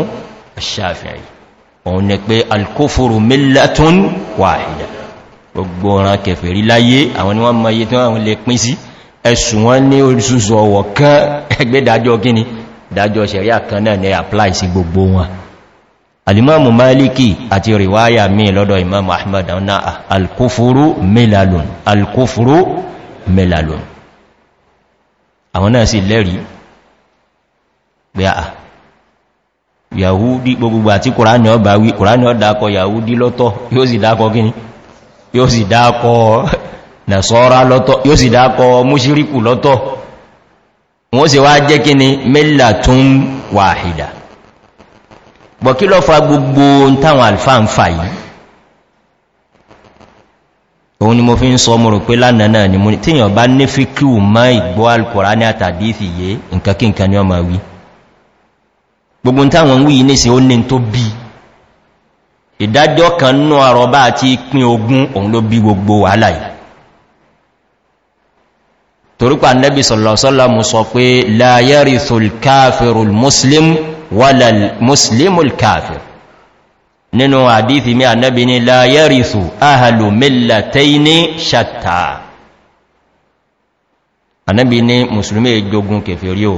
òun ni pé alkófòrò mílẹ̀tún wà ìdá gbogbo ọ̀ràn kẹfẹ̀rí láyé àwọn ni wọ́n mọ iye tí wọ́n lè pín sí ẹ̀sùn wọn ní orísùsù ọwọ̀ kan ẹgbẹ́ dájọ́ gíní dájọ́ sẹ̀ríà kan náà ní apply sí gbogbo wọn alimamu maliki àti riwaya mi lọ́dọ̀ imam ahmad na alkófòrò mílẹ̀lún alkófòrò mílẹ̀lún àwọn náà sì lẹ́rìí ah, yahudi gbogbo àti kùránì ọba wí kùránì ọ dákọ yahudi lọ́tọ̀ yóò sì dákọ gíní yóò sì dákọ nàṣọ́rá lọ́tọ̀ yóò sì dákọ múṣíríkù lọ́tọ̀ wọ́n sì wá jẹ́ kíní mẹ́là tún wàhìdà bọ̀ fa gbogbo táwọn alfa ń fà yìí ni mo fi ń sọ mọ̀rọ̀ pé lánàá náà ni mo tíyàn bá ní gbogbo táwọn wíyí ní sí ó ní tó bí ìdájọ́ kan nú àrọ̀bá àti pín ogun òun ló bí gbogbo wàhálà yìí torípa nẹ́bí sọ̀lọ̀sọ́lá mú sọ pé láyẹ́rì tolkáfirul muslim wàlá muslimul káfir nínú àdífì mí ànẹ́bí ní musulmi jogun kèfèrí o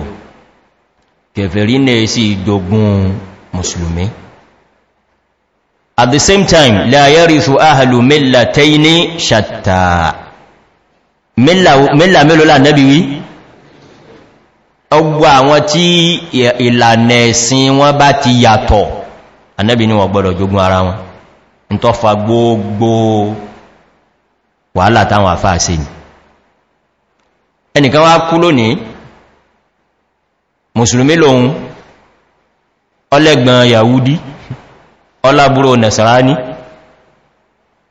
kẹfẹ̀rí náà sí ìjọgún musulmi at the same time láyẹ́rì fún áhàlù mẹ́lá tẹ́yí ní ṣàtà mẹ́lá mẹ́lọ́lá nẹ́bí wí ọgbà àwọn tí ìlànà ẹ̀sìn wọ́n bá ti yàtọ̀ anẹ́bí ni wọ́n gbọ́dọ̀ jogun ara wọn ń tọ́ fa gbogbo wàhálà táwọn àfáà sí ẹnìkan wá kú lónìí musulmi lòun ọlẹ́gbọ̀n yahudi ọlábúrò nasarani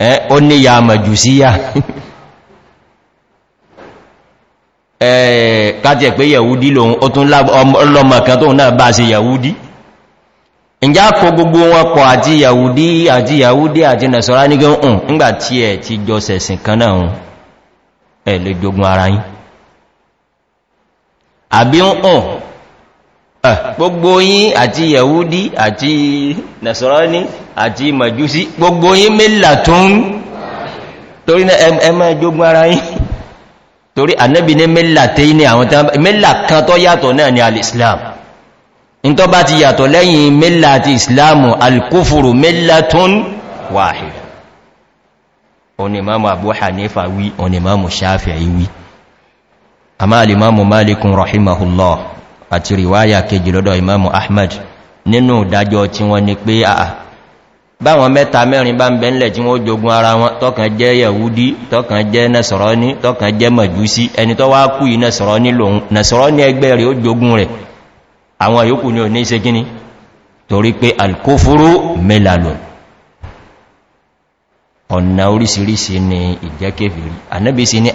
ẹ́ ó ní ya majusíyà ẹ̀ káti ẹ̀ pé yahudi lòun o tún lọ́mọ kan tóun náà bá se yahudi ìjá kó gbogbo wọn pọ̀ àti yahudi àti yahudi àti nasarani gan ùn nígbàtí ẹ̀ ti jọ sẹ̀sìn kan náà ẹ̀ lè jogun ara yìí àbí ń ùn Eh, gbogbo yín àti yahudi àti nasarani àti majusi gbogbo yín mẹ́lá tún torí na ẹmọ ẹjọ́gbọ́n ara yín torí annabi ní mẹ́lá tẹ́ ní àwọn tán mẹ́lá kan tó yàtọ̀ náà ni al-islam in tó bá ti yàtọ̀ lẹ́yìn mẹ́lá àti islamu al-kufuru mẹ́lá tún wáhìí onimamu abu hanifa wi onimamu shafi'i wi amma alimamu malikun rahimahullah àti ríwáyà kejì lọ́dọ̀ imamu Ahmed nínú ìdájọ́ tí wọ́n ni pé àà báwọn mẹ́ta mẹ́rin bá ń bẹ̀ẹ́lẹ̀ tí wọ́n jogun ara wọn tọ́kàn jẹ́ yahudi tọ́kàn jẹ́ nasarani tọ́kàn jẹ́ majusi ẹni tọ́ wá kú yí nasarani ni ò ní ṣe gíní torí pé alkófóró mẹ́lalùn ọ̀nà orísìírísìí ni ìjẹ́kẹ́fèrí anábìsí ni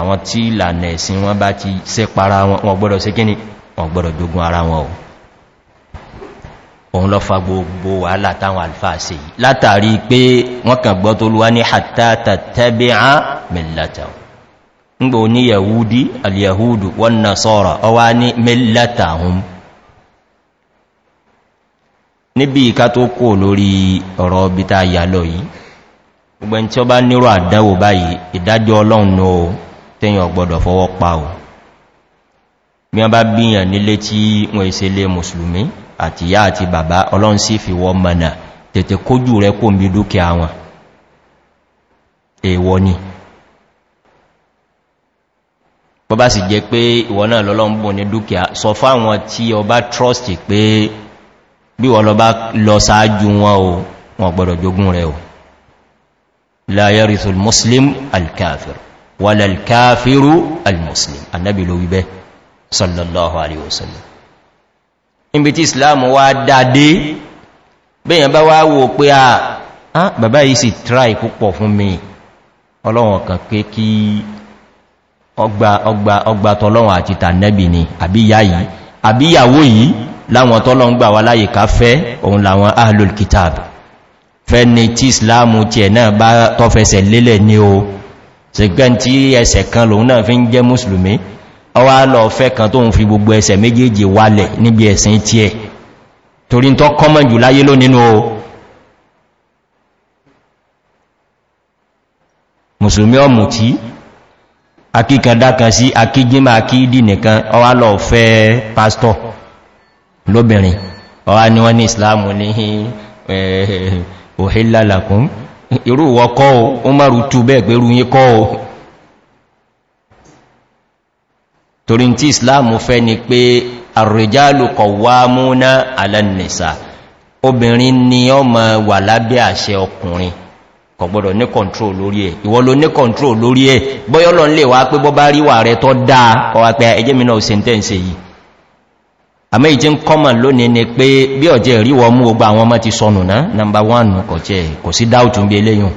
àwọn tí ìlànà ẹ̀sìn wọn bá ti sẹ́para wọn gbọ́dọ̀ sí kíní wọn gbọ́dọ̀ jogun ara wọn o òun lọ fa gbogbo wàhálà táwọn alfáà sí látàrí pé wọ́n kàn gbọ́ tó lúwá ní hàtàtà tẹ́bí á mẹ́lẹ́ta ńgbò ní yahudi ìdájọ́ ọlọ́run náà tẹ́yàn ọgbọ́dọ̀ fọwọ́ pa ò bí wọ́n bá bíyàn nílé tí wọ́n èsè lé mùsùlùmí àti ìyá àti bàbá ọlọ́run sí fi wọ́n mọ̀nà tètè kójú rẹ kó mi dúkìá wọn èèwọ́ ni bọ́ bá sì jẹ pé ìwọ náà lọ́lọ́mbùn ní dúkìá sọ bí wọ́n lọ bá lọ sáájú wọn o wọn gbọ́dọ̀ jogun rẹ̀ o láyẹ́rìsùl muslim alkafir wàlàlkáfírú almuslim annabi ló wíbẹ́ sallallahu alaihi wasallam níbi tí islam wá dáadé bẹ́yàn bá wá wò pé a bàbá yìí sì try púpọ̀ fún mi ọlọ́wọ̀n kan pé kí ọgbà ọgbà ọgbà tọ́lọ́wọ̀n àti tànẹ́bì ni àbíyàwó yìí láwọn tọ́lọ́wọ̀n gbà wá láyè ká fẹ́ òun làwọn ahlul kitab fẹ́ ni tí islamu tí ẹ̀ náà bá tọ́fẹsẹ̀ lélẹ̀ ní o ṣẹ̀gbẹ́n tí ẹsẹ̀ kan lòun náà fi ń jẹ́ mùsùlùmí ọwá lọ fẹ́ kan tó ń fi gbogbo ẹsẹ̀ méjèèjì wálẹ̀ níbi ẹ̀sìn tí ẹ̀ torí tó kọ́mọ̀ jù láyé ló nínú o mùsùlùmí ọmù tí akíkandá kan sí akíjímà akídì nìkan ọwá lọ fẹ́ pásítọ̀ lóbìnrin ọwá ni wọ́n ní ìsìláàmù ní òhìlálàkún irú wọ kọ́ o ó márù tú bẹ́ẹ̀ pẹ̀lú yí kọ́ o torí tí islam fẹ́ ni pé àrẹjálù kọ̀ wá múná alẹ́nìsà obìnrin ni ọ ma wà lábẹ́ àṣẹ ọkùnrin kò gbọ́dọ̀ ní kọ̀ntró lórí ẹ̀ ìwọ ló ní kọ̀ntró lórí ẹ̀ bọ́yọ́lọ́ lè wá pé bọ́ rí wà rẹ tọ́ dáa ọwà pé ẹjẹ́ mi náà sentence yìí àmẹ́ ìjẹ́ ń kọ́mà lónìí ni pé bí ọ̀jẹ́ ríwọ mú ogbà àwọn ọmọ ti sọnù náà nọmbà 1 kọ̀ jẹ́ kò sí dáùtù ń bí eléyìn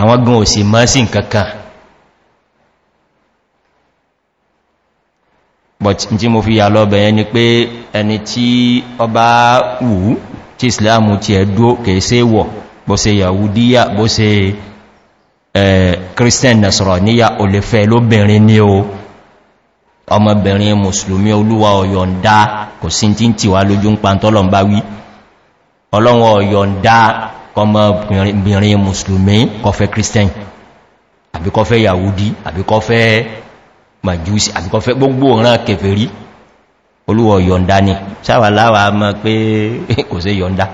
àwọn gan òsì mọ́ sí nkankan but tí ni pé ẹni tí ọba wù tí islam ti wọ̀ bó yahudiya bó se eh, christian ya lóbìnrin ni o ọmọbìnrin musulmi olúwa ọ̀yọ̀ǹda kò sí tí ń tí wá lójú ń pa tọ́lọ̀n bá wí ọlọ́wọ́ ọ̀yọ̀ǹda ọmọbìnrin musulmi kọfẹ́ christian àbí kọfẹ́ yahudi àbí kọfẹ́ majusi àbí kọfẹ́ gbogbo ran kẹfẹ́rí olúwa ọ̀yọ̀ǹda ni sáwàláwà mọ́ pé kò sí yọ̀ǹda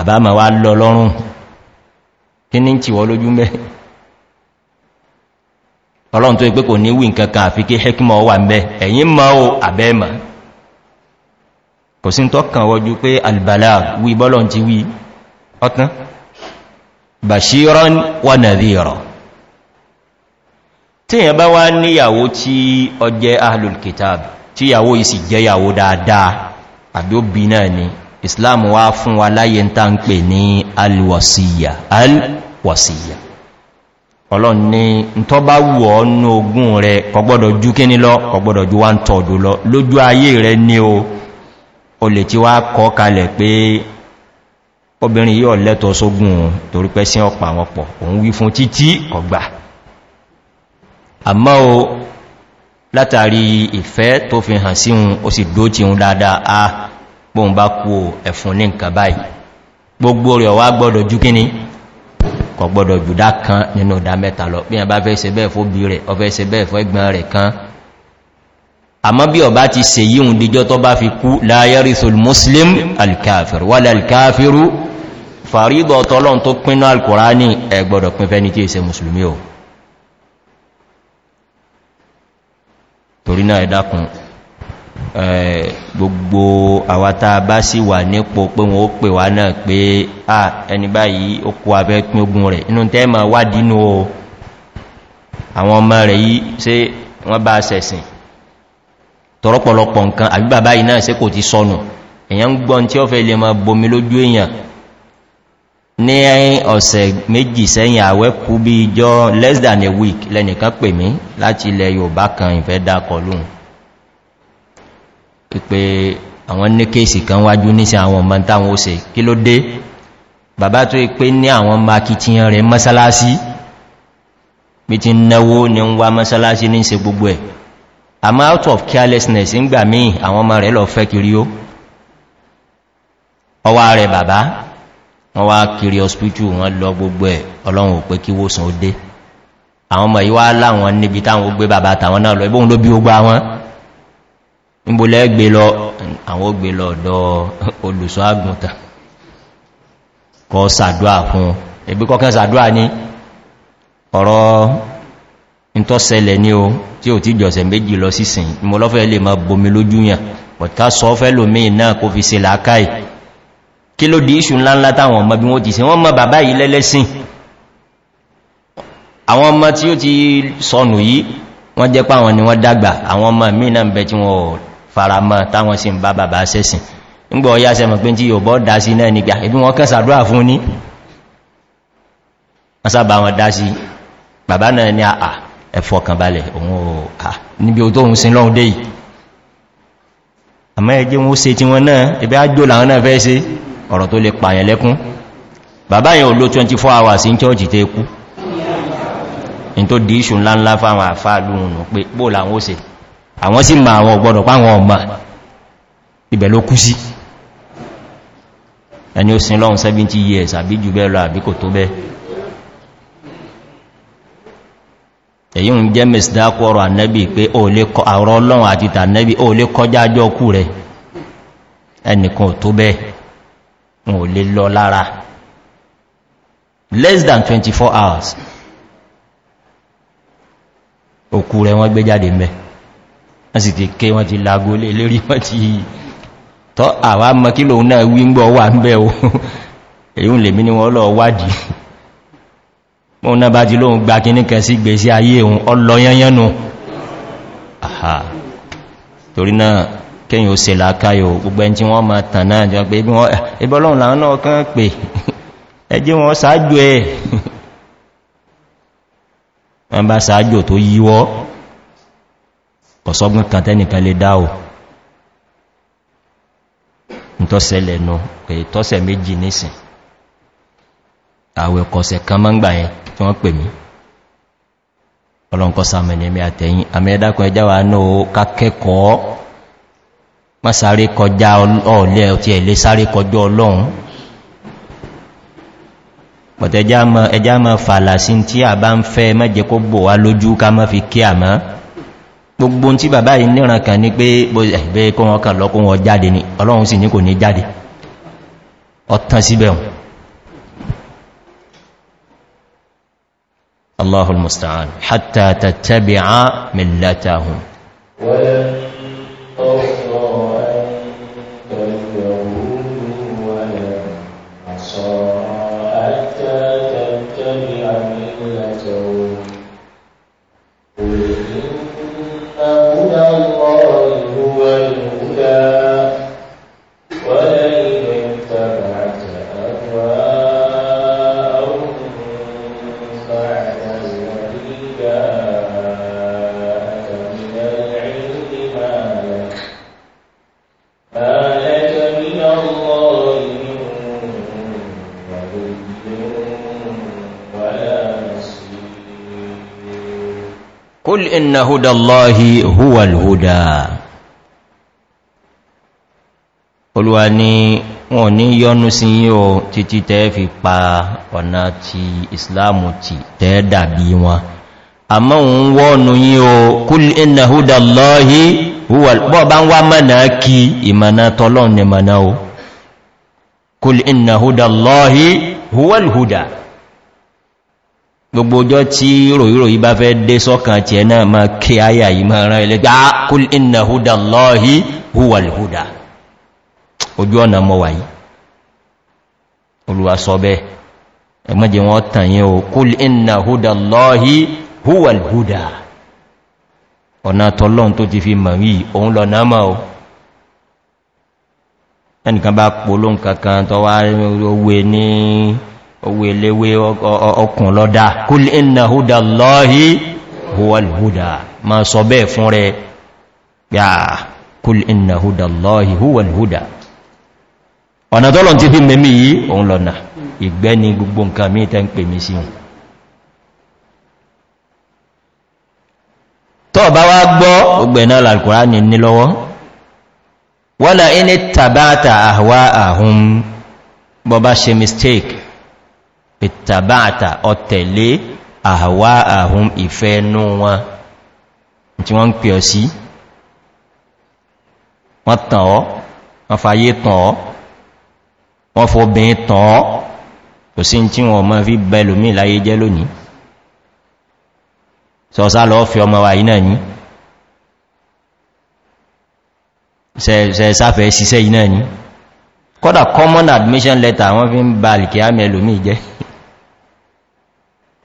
àbá ma wá lọ lọ́rùn kí ní ọlọ́run tó ipé kò ní wí nkankan àfi kí hekima wà mẹ́ ẹ̀yìn ma o àbẹ́mà kò sí tọ́kàn wọ́jú pé albala wí bọ́lọ̀ ti wí ọ̀tán bashiran wà nàdíyàrọ̀ tí yẹn bá wá níyàwó tí ọjẹ́ ahlul kitab tí yàwó isi jẹ́yàwó dáadáa àbí ni islam wá fún wa láyé ń tá ń pè ní alwasiyya ọlọ́n ni tó bá wù ọ́ ní ogún rẹ kọgbọ́dọ̀ jú kí ní lọ kọgbọ́dọ̀ jú wá ń tọ̀dù lọ lójú ayé rẹ ní o o lè tí wá kọ kalẹ̀ pé obìnrin yíò lẹ́tọ̀ sógún torí pẹ́ sí ọpa àwọn òun wí fún títí ọgbà àmọ́ o látàrí ìfẹ́ tó fi hàn sí hun ó sì dó ti hun dáadáa a bóhun bá kú ẹ̀fún ní nǹkan báyìí gbogbo rẹ̀ wá gbọ́dọ̀ jú kíní kọ̀ gbọ́dọ̀ jùdá kan nínú ìdá mẹ́ta lọ bí i bá fẹ́ ṣe bẹ́ẹ̀ fóbi rẹ̀ ọfẹ́ ṣe bẹ́ẹ̀ fún ẹgbẹ̀n rẹ̀ kan àmọ́ bí ọba ti se yíhun díjọ́ tó bá fi kú láyẹ́rìsùl muslim alkafir wà lálkafiru farídọ̀ tọ́lọ́n tó pínú alkùránì ẹgbọ́dọ̀ pín fẹ́ni tí èsẹ musulmi o torí náà Eh, gbogbo àwátá bá sì wà nípò pé wọ́n ó pè wá náà pé à ẹni báyìí ó kó abẹ́ pín ogun rẹ̀ inú tẹ́ ma wá dínú o àwọn ọmọ rẹ̀ yìí tí wọ́n bá sẹ̀sìn tọ́rọpọ̀lọpọ̀ nǹkan àbí bàbá yìí náà sí kò ti sọnù èyàn gbọ́n tí ó fẹ́ lè máa bomi lójú èyàn ní ọ̀sẹ̀ méjì sẹ́yìn àwẹ́ less than a week lẹ́nìkan pè mí láti ilẹ̀ yóò bá kan ìfẹ́ dákọ̀ lóhun pípé àwọn ní kéèsì kan wájú ní sí àwọn ọmọ táwọn òsè kí ló dé bàbá tó pé ní àwọn makitiyan rẹ̀ mọ́sálásí bí ti náwó ní ń wá mọ́sálásí ní ṣe gbogbo ẹ̀ àmá out of carelessness ń gbà míì àwọn ọmọ rẹ̀ lọ fẹ́ kiri ó ọwá rẹ̀ bàbá wọ́n wá kiri hospital wọ́n lọ gbogbo ẹ̀ ọlọ́run ò pé kí wó sàn ó dé àwọn ọmọ yíwá láwọn níbi táwọn gbé bàbá tàwọn náà lọ ibóhun ló bí ó gbá wọn níbolẹ́ gbé lọ àwọn gbé lọ ọ̀dọ̀ olùsọ àgùntà kọ sàdúà fún ẹbí kọ́kẹ́ sàdúà ní ọ̀rọ̀ ìtọ́sẹlẹ̀ ní o tí ò tí jọsẹ̀ méjì lọ sísìn ìmọ̀lọ́fẹ́ lè máa bomi lójúyàn pọ̀tká sọ fẹ́ lómi náà kó fi se làákàì wọ́n ti sin wọ́n mọ́ bàbá yìí lẹ́lẹ́sìn àwọn ọmọ tí ó ti sọnù ni wọ́n dàgbà àwọn ọmọ mí náà tí wọ́n faramọ́ táwọn sí ń bá bàbá sẹ́sìn nígbà ọya sẹ́mọ̀ pé tí yóò bọ́ dá sí náà nígbà ibi wọn kẹsàdúrà fún ní asábà wọn dá sí bàbá náà ní àà ẹ̀fọ́ kan balẹ̀ òun òà níbi o tó ń sin lọ́hun dé yìí àmọ́ ẹjẹ́ wọn ó se tí wọn náà ibi ò ló 24 hours in di ìṣù ńláńlá fáwọn àfáà lóhun pé bóòlà wọn ó se àwọn sí ma àwọn ọgbọ́dọ̀ páwọn ọmọ ibẹ̀ ló kú sí ẹni ó sin lọ́run 70 years àbí jù bẹ́ẹ̀ lọ àbí kò tó bẹ́ẹ̀ èyí ń jẹ́ mẹ́sìdákù ọrọ̀ ànẹ́bì pé àrọ ọlọ́run àti tànẹ́bì ó lè kọjá ajọ́ kú rẹ̀ ẹnìkan ò tó bẹ́ẹ̀ wọn ò lè lọ lára less than 24 hours òkú rẹ̀ wọ́n gbé jáde mẹ́ẹ̀ wọ́n sì ti ké wọ́n ti lágó lè lérí wọ́n ti tọ́ àwá mọ́ kí lòun náà wí ń gbọ́ wà ń bẹ́ o èyí ń lè mí ní wọ́n lọ wádìí mọ́ náà bá ti lóun gba kí níkan sí gbé sí ayé òun ọlọ yányánu torí náà kẹ́yìn ó se làákáyò gbogbo ẹni tí wọ́n máa tàn náà jọ pé ibọ́lọ́run ọ̀sọ́gbọ́n kan tẹ́nìkan lè dáò tọ́sẹ̀lẹ̀ nù pé tọ́sẹ̀ méjì nísìn àwẹ̀ kọ̀sẹ̀ kan mọ́ ń gbà yẹn tí wọ́n pè mí ọlọ́nkọ́ sàmẹ̀lẹ̀ ẹ̀mẹ́ àtẹ̀yìn àmẹ́dàkùn ẹjá wà náà kákẹ́kọ̀ọ́ má sáré kọjá ọ̀lẹ́ ọ̀tí ẹ̀lẹ́ sáré kọjọ́ ọlọ́run ká mọ́ gbogbo tí bàbá yìí níran kan ní pé ẹ̀bẹ́ kó wọn kàn lọ́kún wọn jáde ní ọlọ́run sì ní kò ní jáde ọ̀tán síbẹ̀ hùn allahul musta'an hatta tattabi'a millatahum inna huda Allahi huwa al-huda Olúwa ni wọn ní yọ́nú sí yíò títí tẹ́ fi pa ọ̀nà ti Islamu ti tẹ́ dàbí wọn àmọ́ òun wọ́nú yí kúl inna huda Allahi huwa bọ́ bá ń wá mọ́nà kí ìmọ̀nà tọ́lọ́ ni mọ̀nà o kúl inna huda Allahi huwa al-huda gbogbo ọjọ́ tí ròyìnròyìn bá fẹ́ dé sọ́kàn tí ẹ náà máa kí ayà yìí máa rán ilẹ̀ gbá kúl ah, iná húdà lọ́hí húwàlúhúdà ojú ọ̀nà mọ́ wà yìí olùwà sọ bẹ́ ẹgbẹ́jẹ wọn tàyẹ o kúl iná húdà lọ́hí húwàlúhúdà ọ̀nà tọ́lọ́n tó ti fi mọ̀rí òun lọ ẹnìkan bá polóǹkankan tọ́wàá owó ní owó eléwé ọkùn lọ́dá kúl iná húdà lọ́hí huwalhuda ma sọ bẹ́ẹ̀ fún rẹ̀ yà kúl iná húdà lọ́hí huwalhuda ọ̀nà tọ́lọ̀ ti fi mẹ́mí yìí òun lọ́nà ìgbẹ́ ni gbogbo nǹkan mí tẹ́ ń pè mí sí bọ́bá ṣe mistake ìtàbáta ọ̀tẹ̀lé àwá àhún ìfẹ́ ẹnú wọn tí wọ́n ń pè ọ sí wọ́n tàn ọ́ wọ́n fàyé tàn ọ́ wọ́n fòbin tàn ọ́ kò sí tí wọ́n mọ́ fi bẹ́lùmí láyé jẹ́ lónìí kọ́dà common admission letter wọ́n fi ń ba alìkẹ́ àmì jẹ́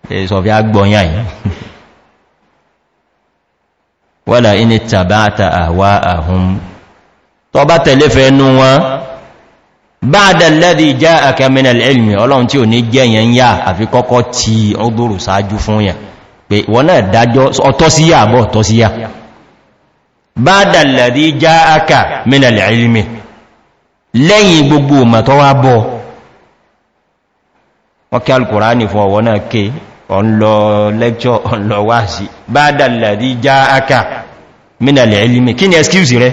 sọ̀fí agbọ̀nyà yìí wọ́la iní tàbátà àwá àhún tọ bá tẹ̀lé fẹ́nu wọn bá dàlẹ́dì já àkàmìnà ilmi ọlọ́run tí ò ní jẹ́yàn yá àfi kọ́kọ́ ti ọdúrù sáájú fún yà pé wọ́n náà dájọ́ ọtọ́ sí yà bọ́ ọtọ́ sí yà bá dàlẹ́dì já àkàmìnà ilmi lẹ́yìn gbogbo mọ̀tọ́wà bọ́ wọ́n kí alkùránì fún ọwọ́ náà kéè ọ̀nlọ lẹ́kṣọ́ ọ̀nlọ wáàsí bá dàlàdí já aka mínàlẹ̀ ilimi kí ni excuse rẹ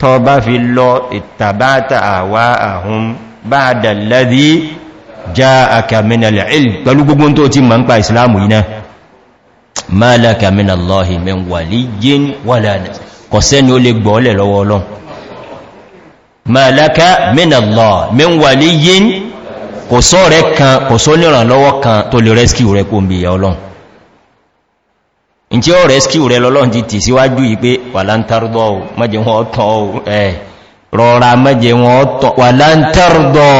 tọ bá fi lọ ìtàbátà àwá àhún bá dàlàdí já aka mínàlẹ̀ ilimi pẹ̀lú gbogbo tó ti ma ń pa ìsìlámù iná málaka mínàlọ́hì min wàlíyìn kò sọ rẹ̀ kan kò sọ nìrànlọ́wọ́ kan tó lè rescue rẹ̀ kó ń bí ìyà ọlọ́run ǹjẹ́ ó rescue rẹ̀ lọ́lọ́run ti tì síwájú yìí pé wàlántàrdọ̀ mẹ́jẹ wọn tọ́ ẹ̀ rọra mẹ́jẹ wọn tọ́ wàlántàrdọ̀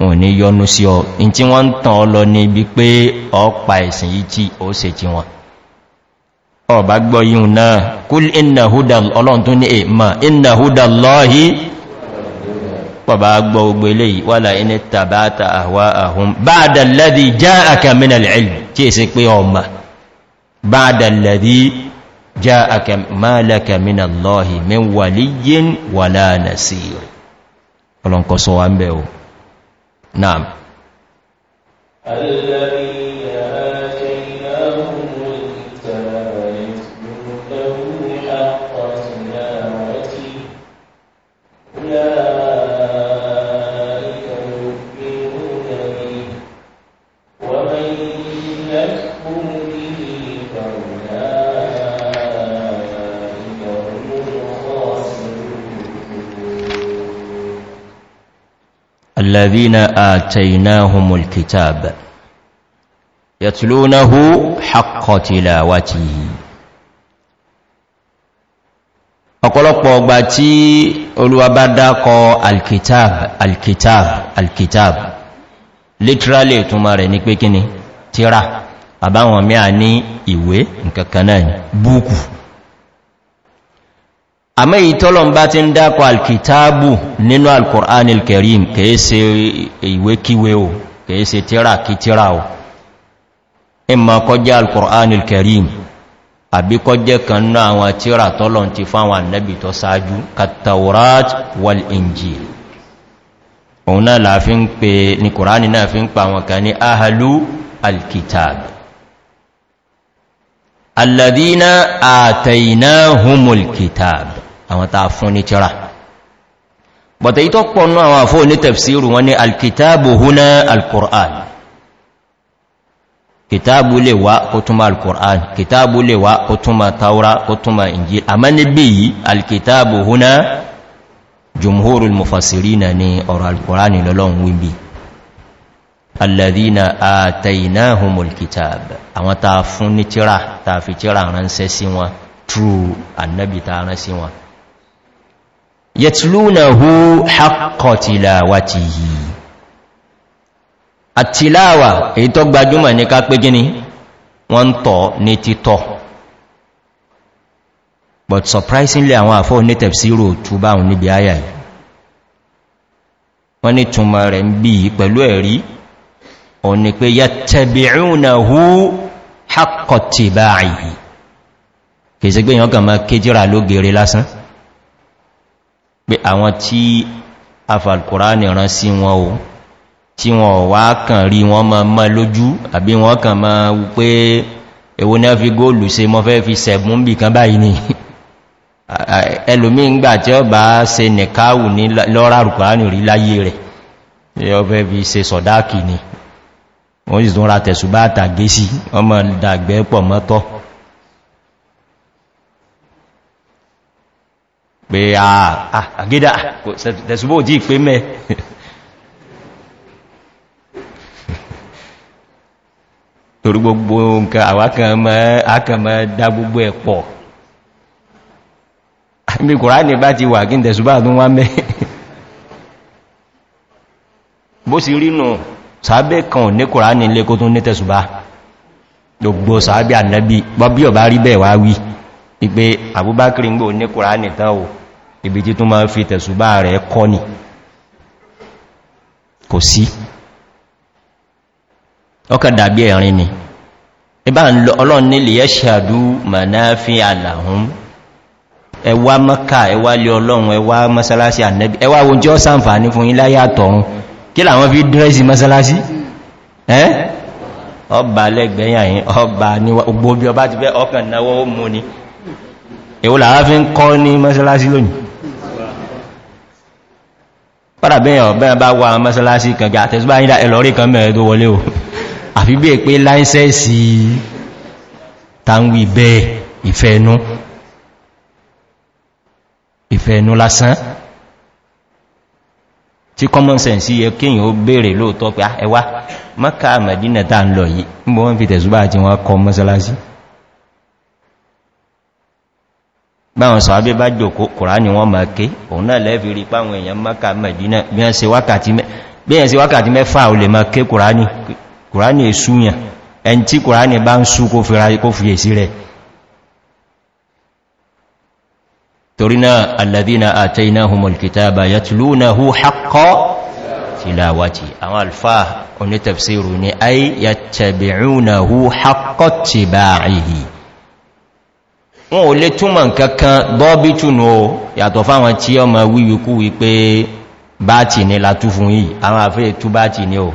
wọn ni yọnu sí ọ in tí wọ́n ń tàn ọ lọ ní ibi pé ọpa ìsìn yìí tí ó se tí wọn ọ̀bá gbọ́ yíò náà kúl inna húdà ọlọ́run tó ní èèmà inna húdà lọ́hìí pọ̀bá gbọ́ ogbè lè wàlà iní tàbátà àwà àhún báadàlẹ́dì já àkàmínà ilmi kí è sí pé ọmọ báadàlẹ́dì já àkàmínà lọ́hì min wàlíyìn wàlá nà sí rẹ̀ ọlọ́nkọ́sọ́ ń bẹ̀ o الذين آتيناهم الكتاب يتلونه حق تلاوته ọ̀pọ̀lọpọ̀ ọgbà tí olúwa bá dákọ alkitab alkitab alkitab literally ìtumọ̀ rẹ̀ ní pé kíni tíra àbáwọn mẹ́à ní ìwé nkankanáà búùkù àmẹ́ ìtọ́lọ̀n bá ti ń dákọ̀ alkitabu nínú alkùránì alkarim kìí se ìwé kíwé o kìí se tíra kí tíra o ìmà kọjẹ́ alkùránì alkarim àbí kọjẹ́ kan náà àwọn tíra tọ́lọ̀n ti fáwọn annabi tó sáájú kataurat wal injil òun náà láfi àwọn tàà fún ní tíra bọ̀tẹ̀ ìtọ́ pọ̀nú àwọn àfó ní tẹ̀fsíru wọn ni alkitabu huna alkur'an kitabu lè wá kó túnmà alkur'an kitabu lè wá kó túnmà taura kó túnmà injil àmá níbí yìí alkitabu huna jumhurul mufasirina ni ọ̀rọ̀ alkur'an lọ́lọ́run true annabi ta ránṣẹ́ sí wọn yẹtìlúnàhú haqqọ̀tìláwàtìyí àtìláwà èyí tó gbajúmọ̀ ní ká pé gíní wọ́n ń tọ̀ ní títọ̀ but surprisingly àwọn àfọ́ ní tẹ̀síro túbá òun níbi ayà yìí wọ́n ní túnmọ̀ rẹ̀ ń bí pẹ̀lú ẹ̀rí òun ni pé yẹtẹ̀bìrúnàhú haqqọ̀tìbáyìí kìí sí pé èyàn kàn máa kéjìrà ló lásán pé àwọn tí afalkùránì rán sí wọn o tí wọn wá kàn rí wọn mọ́ mọ́ lójú àbí wọn kàn mọ́ pé èwo ní fi góòlù se mọ́ fẹ́ fi sẹ̀bùn bì kan báyìí ni ẹlòmí ń gbà tí ó bá se nìkáwù ní lọ́rà rùkùránì rí láyé rẹ̀ yóò fẹ́ fi se sọ̀dáàkì ni wọ́n sì tún ra tẹ̀sùbá àtàgé sí ọmọ dàgbẹ́ pọ̀ mọ́tọ́ pé ah, ah, àgídà tẹ̀sùgbò jí pé mẹ́ torí gbogbo nǹkan àwákànmọ́ dá gbogbo ẹ̀pọ̀ àmì kòránì bá ti wà kí tẹ̀sùgbà tó wá mẹ́ bó sì rínú sàábẹ́ kan ní kòránì lé kó tún ní tẹ̀sùgbà gbogbo sàábẹ́ ànẹ́bí bọ́bí ọ̀bá rí bẹ́ẹ̀ wá wí ìgbé àbúbákìrí ń gbò ní kùránì tán ò ibi tí tún máa fi tẹ̀sùbá rẹ̀ kọ́ ni kò sí ọkà dàbí ẹ̀rin ni ibá ń lọ ọlọ́run nílé yẹ́ ṣàdú mànáfí àlàhún ẹwà mọ́ká ẹwà lé ọlọ́run ẹwà mọ́sálásí ànẹ́bí ẹwà wo jẹ́ sàǹfàní fún ilá yàtọ̀run kí làwọn ọba lẹ́gbẹ̀ẹ́yàn ọba ní gbogbo ọba ti fẹ́ ọkàn náwó mú ni èwo làá fi ń kọ́ ní mọ́sálásí lónìí padà bẹ́yàn bẹ́yàn bá wà mọ́sálásí kànga àtẹ́sùbá yídá ẹlọ́rí kan mẹ́rẹ̀ tó wọlé o àfi bí è pé láìsẹ́ẹ̀sì tàwí bẹ́ẹ̀ ìfẹ́ẹ̀nú ìfẹ́ẹ̀nú lásán tí common sense yẹ kíyàn ó bèèrè lóòtọ́ pé ah, ẹwà mọ́kà mẹ́dínà tàà ń lọ yìí ń wọ́n fi tẹ̀sùbá àti wọ́n kọ mọ́sálásí báwọn sàábé bá jòkó kùránì wọn ma ké òun náà lẹ́fì rí páwọn èèyàn maka mẹ̀dínà bí ẹ̀ sí wákàtí mẹ́fà ò lè ma ké kùránì kùránì èsúyàn ẹn tí kùránì bá ń sú kó fi èsí rẹ̀ torí náà alàbínà àtẹ́iná humulkitaba ya tulúna hú haqqọ́ tilawati àwọn alfa wọn ò lè túnmọ̀ nkankan bọ́bí túnú o yàtọ̀ fáwọn tí ọ ma wíwíkú wípé báàtì ní látú fún yìí àwọn àfẹ́ tú báàtì ní o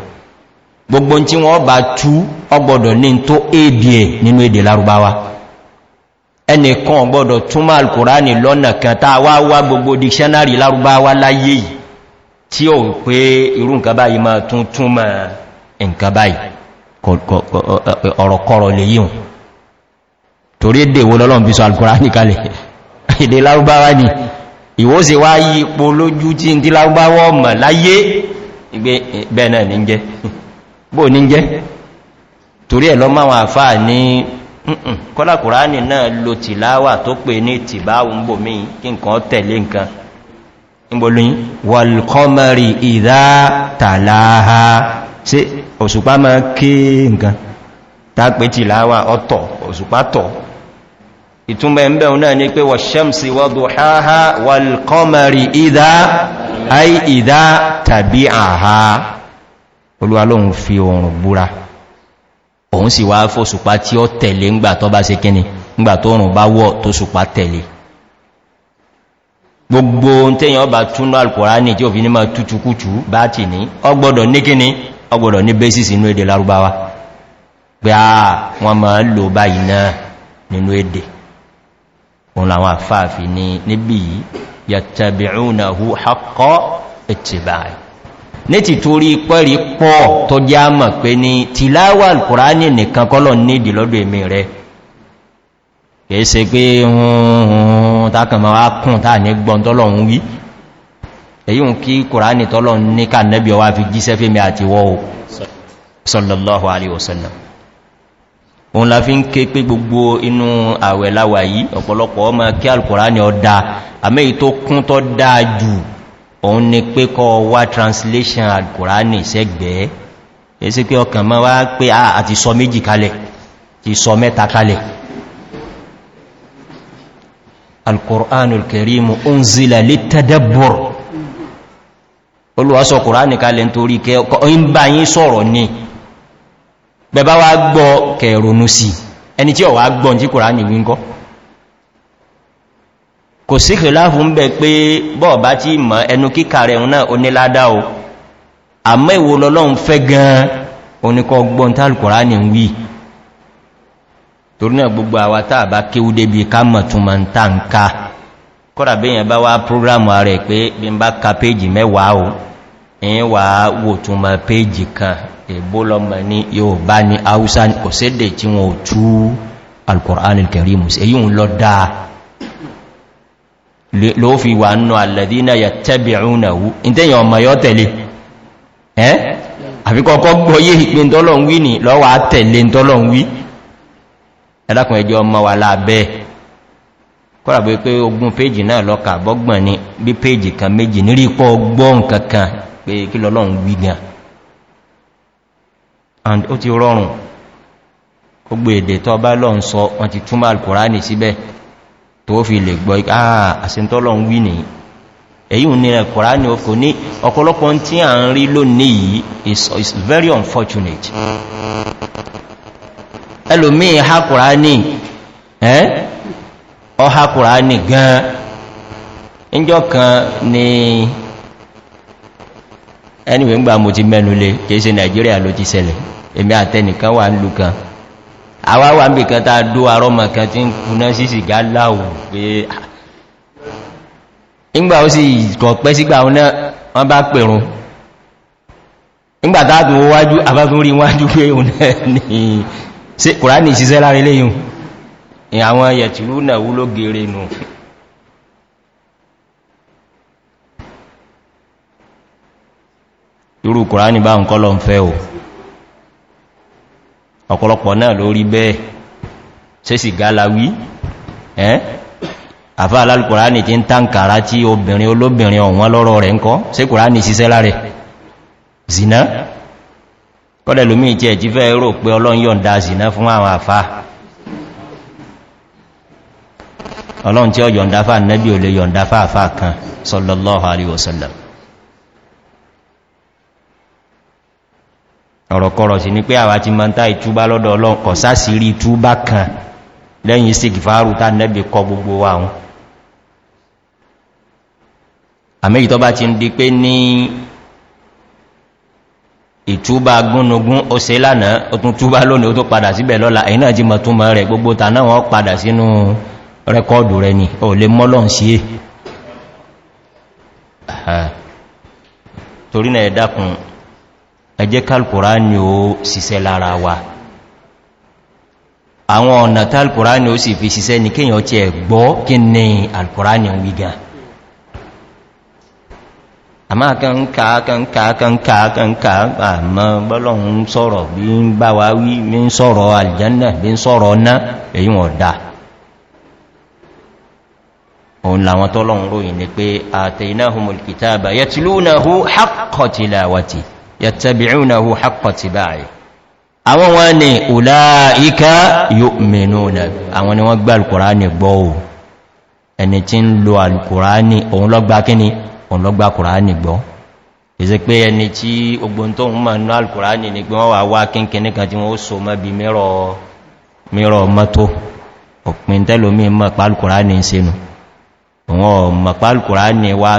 gbogbo tí wọ́n bá tú ọgbọ̀dọ̀ ní tó aba nínú èdè larubawa ẹnìkan ọgbọ̀dọ̀ túnmọ̀ alkùránì lọ́nà kan tàà wá wá gbogbo dictionary larubawa láyé tí ó pé irú nǹkan báyìí máa tún túnmọ̀ nǹkan báyìí ọ̀rọ̀kọ̀rọ̀ lè yíhun torí èdè wo lọ́lọ́n fi sọ alkùnrání kalẹ̀ èdè lárúbáwá ni ìwó sì wá yí ipò lójú tí ń tí lárúbáwá ọmọ láyé ìgbé bẹ́ẹ̀ náà ní jẹ́ bó ní jẹ́ torí ẹ̀ lọ́mọ àwọn àfà ní kọ́lákùnrání náà lo tìláwà tó tọ̀ ìtúnbẹ̀ ń bẹ̀rún náà ni pé wà ṣẹ́msì wà dùháhá wà kọmọ̀rì ìdá àì ìdá tàbí àhá olúwalóhun fi oòrùn búra òun sì wá fòsùpá tí ó tẹ̀lé ńgbà tó bá se kíni ńgbà tó rùn bá wọ́ tó ọba túnú alkùránì tí ò fi ní tútukútù bá ti ní ní kíni ní ah, ma lò báyìí náà nínú òun làwọn àfáàfi ní níbi yìí yàtàbìrúnà hù hakọ́ ìtìbà ní ti torí pẹ́rí pọ̀ tó já mọ̀ pé ní tìláwà alkùránì nìkan kọ́lọ̀ nídì lọ́dọ̀ èmì rẹ̀ kìí se pé hun takàmọ́ wá kùn táà òun la fi ń ké pé gbogbo inú àwẹ̀ láwà yìí ọ̀pọ̀lọpọ̀ ọmọ kí alkùnrà ní ọ̀dá àmẹ́yí tó kún tọ́ dáa jù òun ni pé kọ́ wá translation alkùnrà ní ìṣẹ́gbẹ̀ẹ́ èsì pé ọkàn mọ́ wá pé àti ah, sọ méjì kalẹ̀ ti sọ mẹ́ta kalẹ̀ alkùnránul kẹrìmù ó ń zílà lè tẹ́dẹ́bùr olùwásọkùnrà ní bẹ̀bá wa gbọ́ kẹrùnú sí ẹni tí ó wá gbọ́n tí kòrán ní wíńkọ́ kò sí kìláàfù ń bẹ̀ pé bọ́ọ̀bá tí mọ̀ ẹnu kíkà rẹ̀ náà oníládá o àmọ́ ìwò lọ́lọ́run fẹ́ gan oníkọ́ gbọ́n tàbí kòrán ní wí torí náà gbogbo àwa táà bá kéwú ẹ̀yìn wà wò tún ma péjì kan èbó lọ́mọ ní yóò bá ní haúsá kò sédè tí wọ́n ò tú alkùnrin kẹrìmù èyí ń lọ dáa ló fi wà nù alàdínà yà tẹ́bì rúnàwú ìtẹ́yìn ọmọ yọ tẹ̀lé ẹ́ àfikọ́kọ́ gbọ́yé ìpín tọ́lọ̀wí ni lọ́wà tẹ̀lé pé ogun péjì náà lọ́kà bọ́gbọ̀n ni bí péjì kan méjì nírí pọ́ gbọ́ nkankan pé kí lọ́lọ́run and ó ti rọrùn gbogbo èdè tó bá lọ́n sọ wọn ti túnmà alkùránì síbẹ̀ tó fi lè gbọ́ àà ah, àsìntọ́lọ́n wí ní èyí ní alkùránì ọkọ̀ ní ọ̀pọ̀lọpọ̀ tí a ń rí lónìí is very unfortunate ẹlòmí ha kùránì ẹ́ ọha kùránì gan-an ìjọ kan ni anyway ń gbà mo ti mẹ́nu lè kèése Nigeria ló ti ṣẹlẹ̀ èmi àtẹnìkan wà ń lù kan àwá wà ń bì kan tàà dó arọ́mọ̀ kan tí ń kúná sí sìgá láwò pé ìgbà ó sì kọ̀ pẹ́ sígbà wọ́n bá pèrún ìgbà tààtù wájú wájú irú kùránì bá ń kọ́lọ̀ ń fẹ́ o ọ̀pọ̀lọpọ̀ náà lórí bẹ́ẹ̀ ṣe sì gálawí ẹ́ àfá alálùkùránì tí ń tàǹkàrá tí obìnrin olóbìnrin ọ̀wọ́n lọ́rọ̀ rẹ̀ ń kọ́ sí kùránì síṣẹ́ láre zina kọ́lẹ̀ lómi ìtì ẹ̀jí fẹ́ rò zina fún àwọn àfá ọlọ́run tí ọ yọ̀nda fà nẹ́bí ò lè yọ̀nda fà àfá kan ọ̀rọ̀kọ̀rọ̀ sí ni pé àwà ti ma ń tá ìtúbá lọ́dọ̀ ọlọ́run kọ̀ sásìrí ìtúbá kan lẹ́yìn sí gìfàárù tá nẹ́bí kọ gbogbo wa wọn àmẹ́yì tó bá ti ń di pé ní ìtúbá gúnnugún ó se lánàá ó tún túbá lónìí ó tó padà síbẹ̀ lọ́la ẹ̀yìn náà jí mọ̀ tún mọ̀ rẹ̀ gbogbo ta náà wọ́n padà sínú rẹ́kọ́ọ̀dù rẹ̀ ẹjẹ́ kálkùránì ó ṣiṣẹ́ lára wa àwọn ọ̀nà tálkùránì ó sì fi ṣiṣẹ́ ní kíyàn ti ẹ̀gbọ́ kí ní alkùránì wíga àmá kànkà kànkà kànkà kànkà àmọ́ bọ́lọ̀hun sọ̀rọ̀ bí ń bá wá wí bí ń sọ̀rọ̀ aljanna bí ń sọ̀rọ̀ ọ̀nà èyí wọ̀n dáa òun làwọn tọ́lọ́run ròyìn ni pé àtẹ̀ináhùn mọ̀lìkìtà àbáyẹ̀ tìlúnà hù yattabi'unahu haqqa tiba'i àwọn wọn ni ulaika yu'minuna àwọn ni wọ́n gbà alkùránì gbọ́ o ẹni tí ń lo alkùránì òun lọ́gbà kíni òun lọ́gbà kùránì gbọ́ ìsẹ́ pé ẹni tí ogbon tó ń ma ná alkùránì ni pé wọ́n wà wá kínkín níkan tí wọ́n ó so mọ́ bí mẹ́rọ mọ̀ pálkùránì wá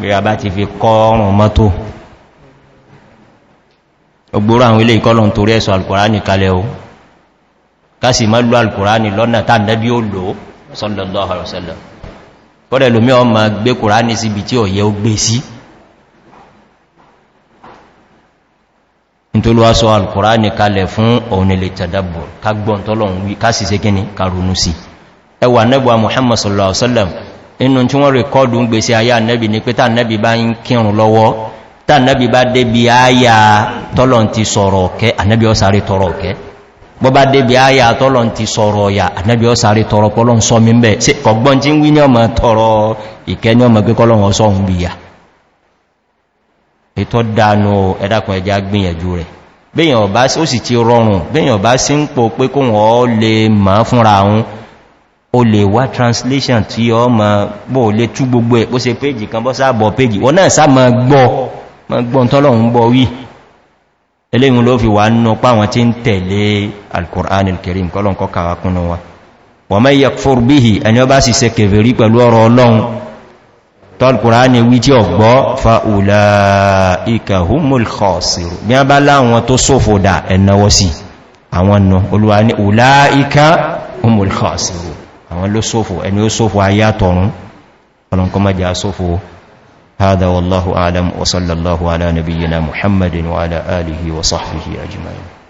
pé a bá ti fi kọ́ ọrùn mọ́tò ògbóró àwọn ilé ìkọlọ̀ torí ẹ̀sọ̀ alkùránì kalẹ̀ o kásì má lú alkùránì lọ́nà tá nẹ́bí ó lò sọ́lọ̀lọ́ àrọ̀sẹ́lẹ̀ fọ́dẹ̀ lómí ọmọ gbé kùránì síbi tí ó yẹ ó gbé sí nítorí wá sọ alkùránì kalẹ̀ inú tí wọ́n rẹ̀kọ́dù ń gbèsè ayá nẹ́bì ní pé tà nẹ́bì bá ń kírùn lọ́wọ́ tà nẹ́bì bá débi ayá tọ́lọ̀ ti sọ̀rọ̀ ọ̀kẹ́ ànẹ́bì ọ́sàrí tọrọ ọ̀kẹ́ bọ́ bá débi ayá tọ́lọ̀ ti sọ̀rọ̀ ọ̀yà ànẹ́bì ọ́sàrí tọrọ pọ́lọ́n sọ mi mẹ́ sí kọ̀gbọ́n tí ń wí ní ọmọ tọrọ o lè wá translation tí ọ ma bọ́ lè tú gbogbo ẹ̀ ó se péjì kan bọ́ sáàbọ̀ péjì wọ́n náà sáà ma gbọ́ ma gbọ́ tọ́lọ̀un bọ́ wí eléyìn ló fi wà nínú páwọn tí ń tẹ̀lé alkùnrin alkirim kọlọ̀n kọ́ kàwàkúnnà wa wọ́n mẹ́ yẹ fa ùlà ikahumul khọ́sìrò bí a bá láwọn tó sófòdà ẹ̀nàwọ́ sí àwọn nù àwọn ló sófò ẹni ó sófò ayá tọrún ọlọ́nkọ́ mọ́já sófò هذا والله أعلم وصلى الله على نبينا محمد وعلى آله وصحبه أجمعين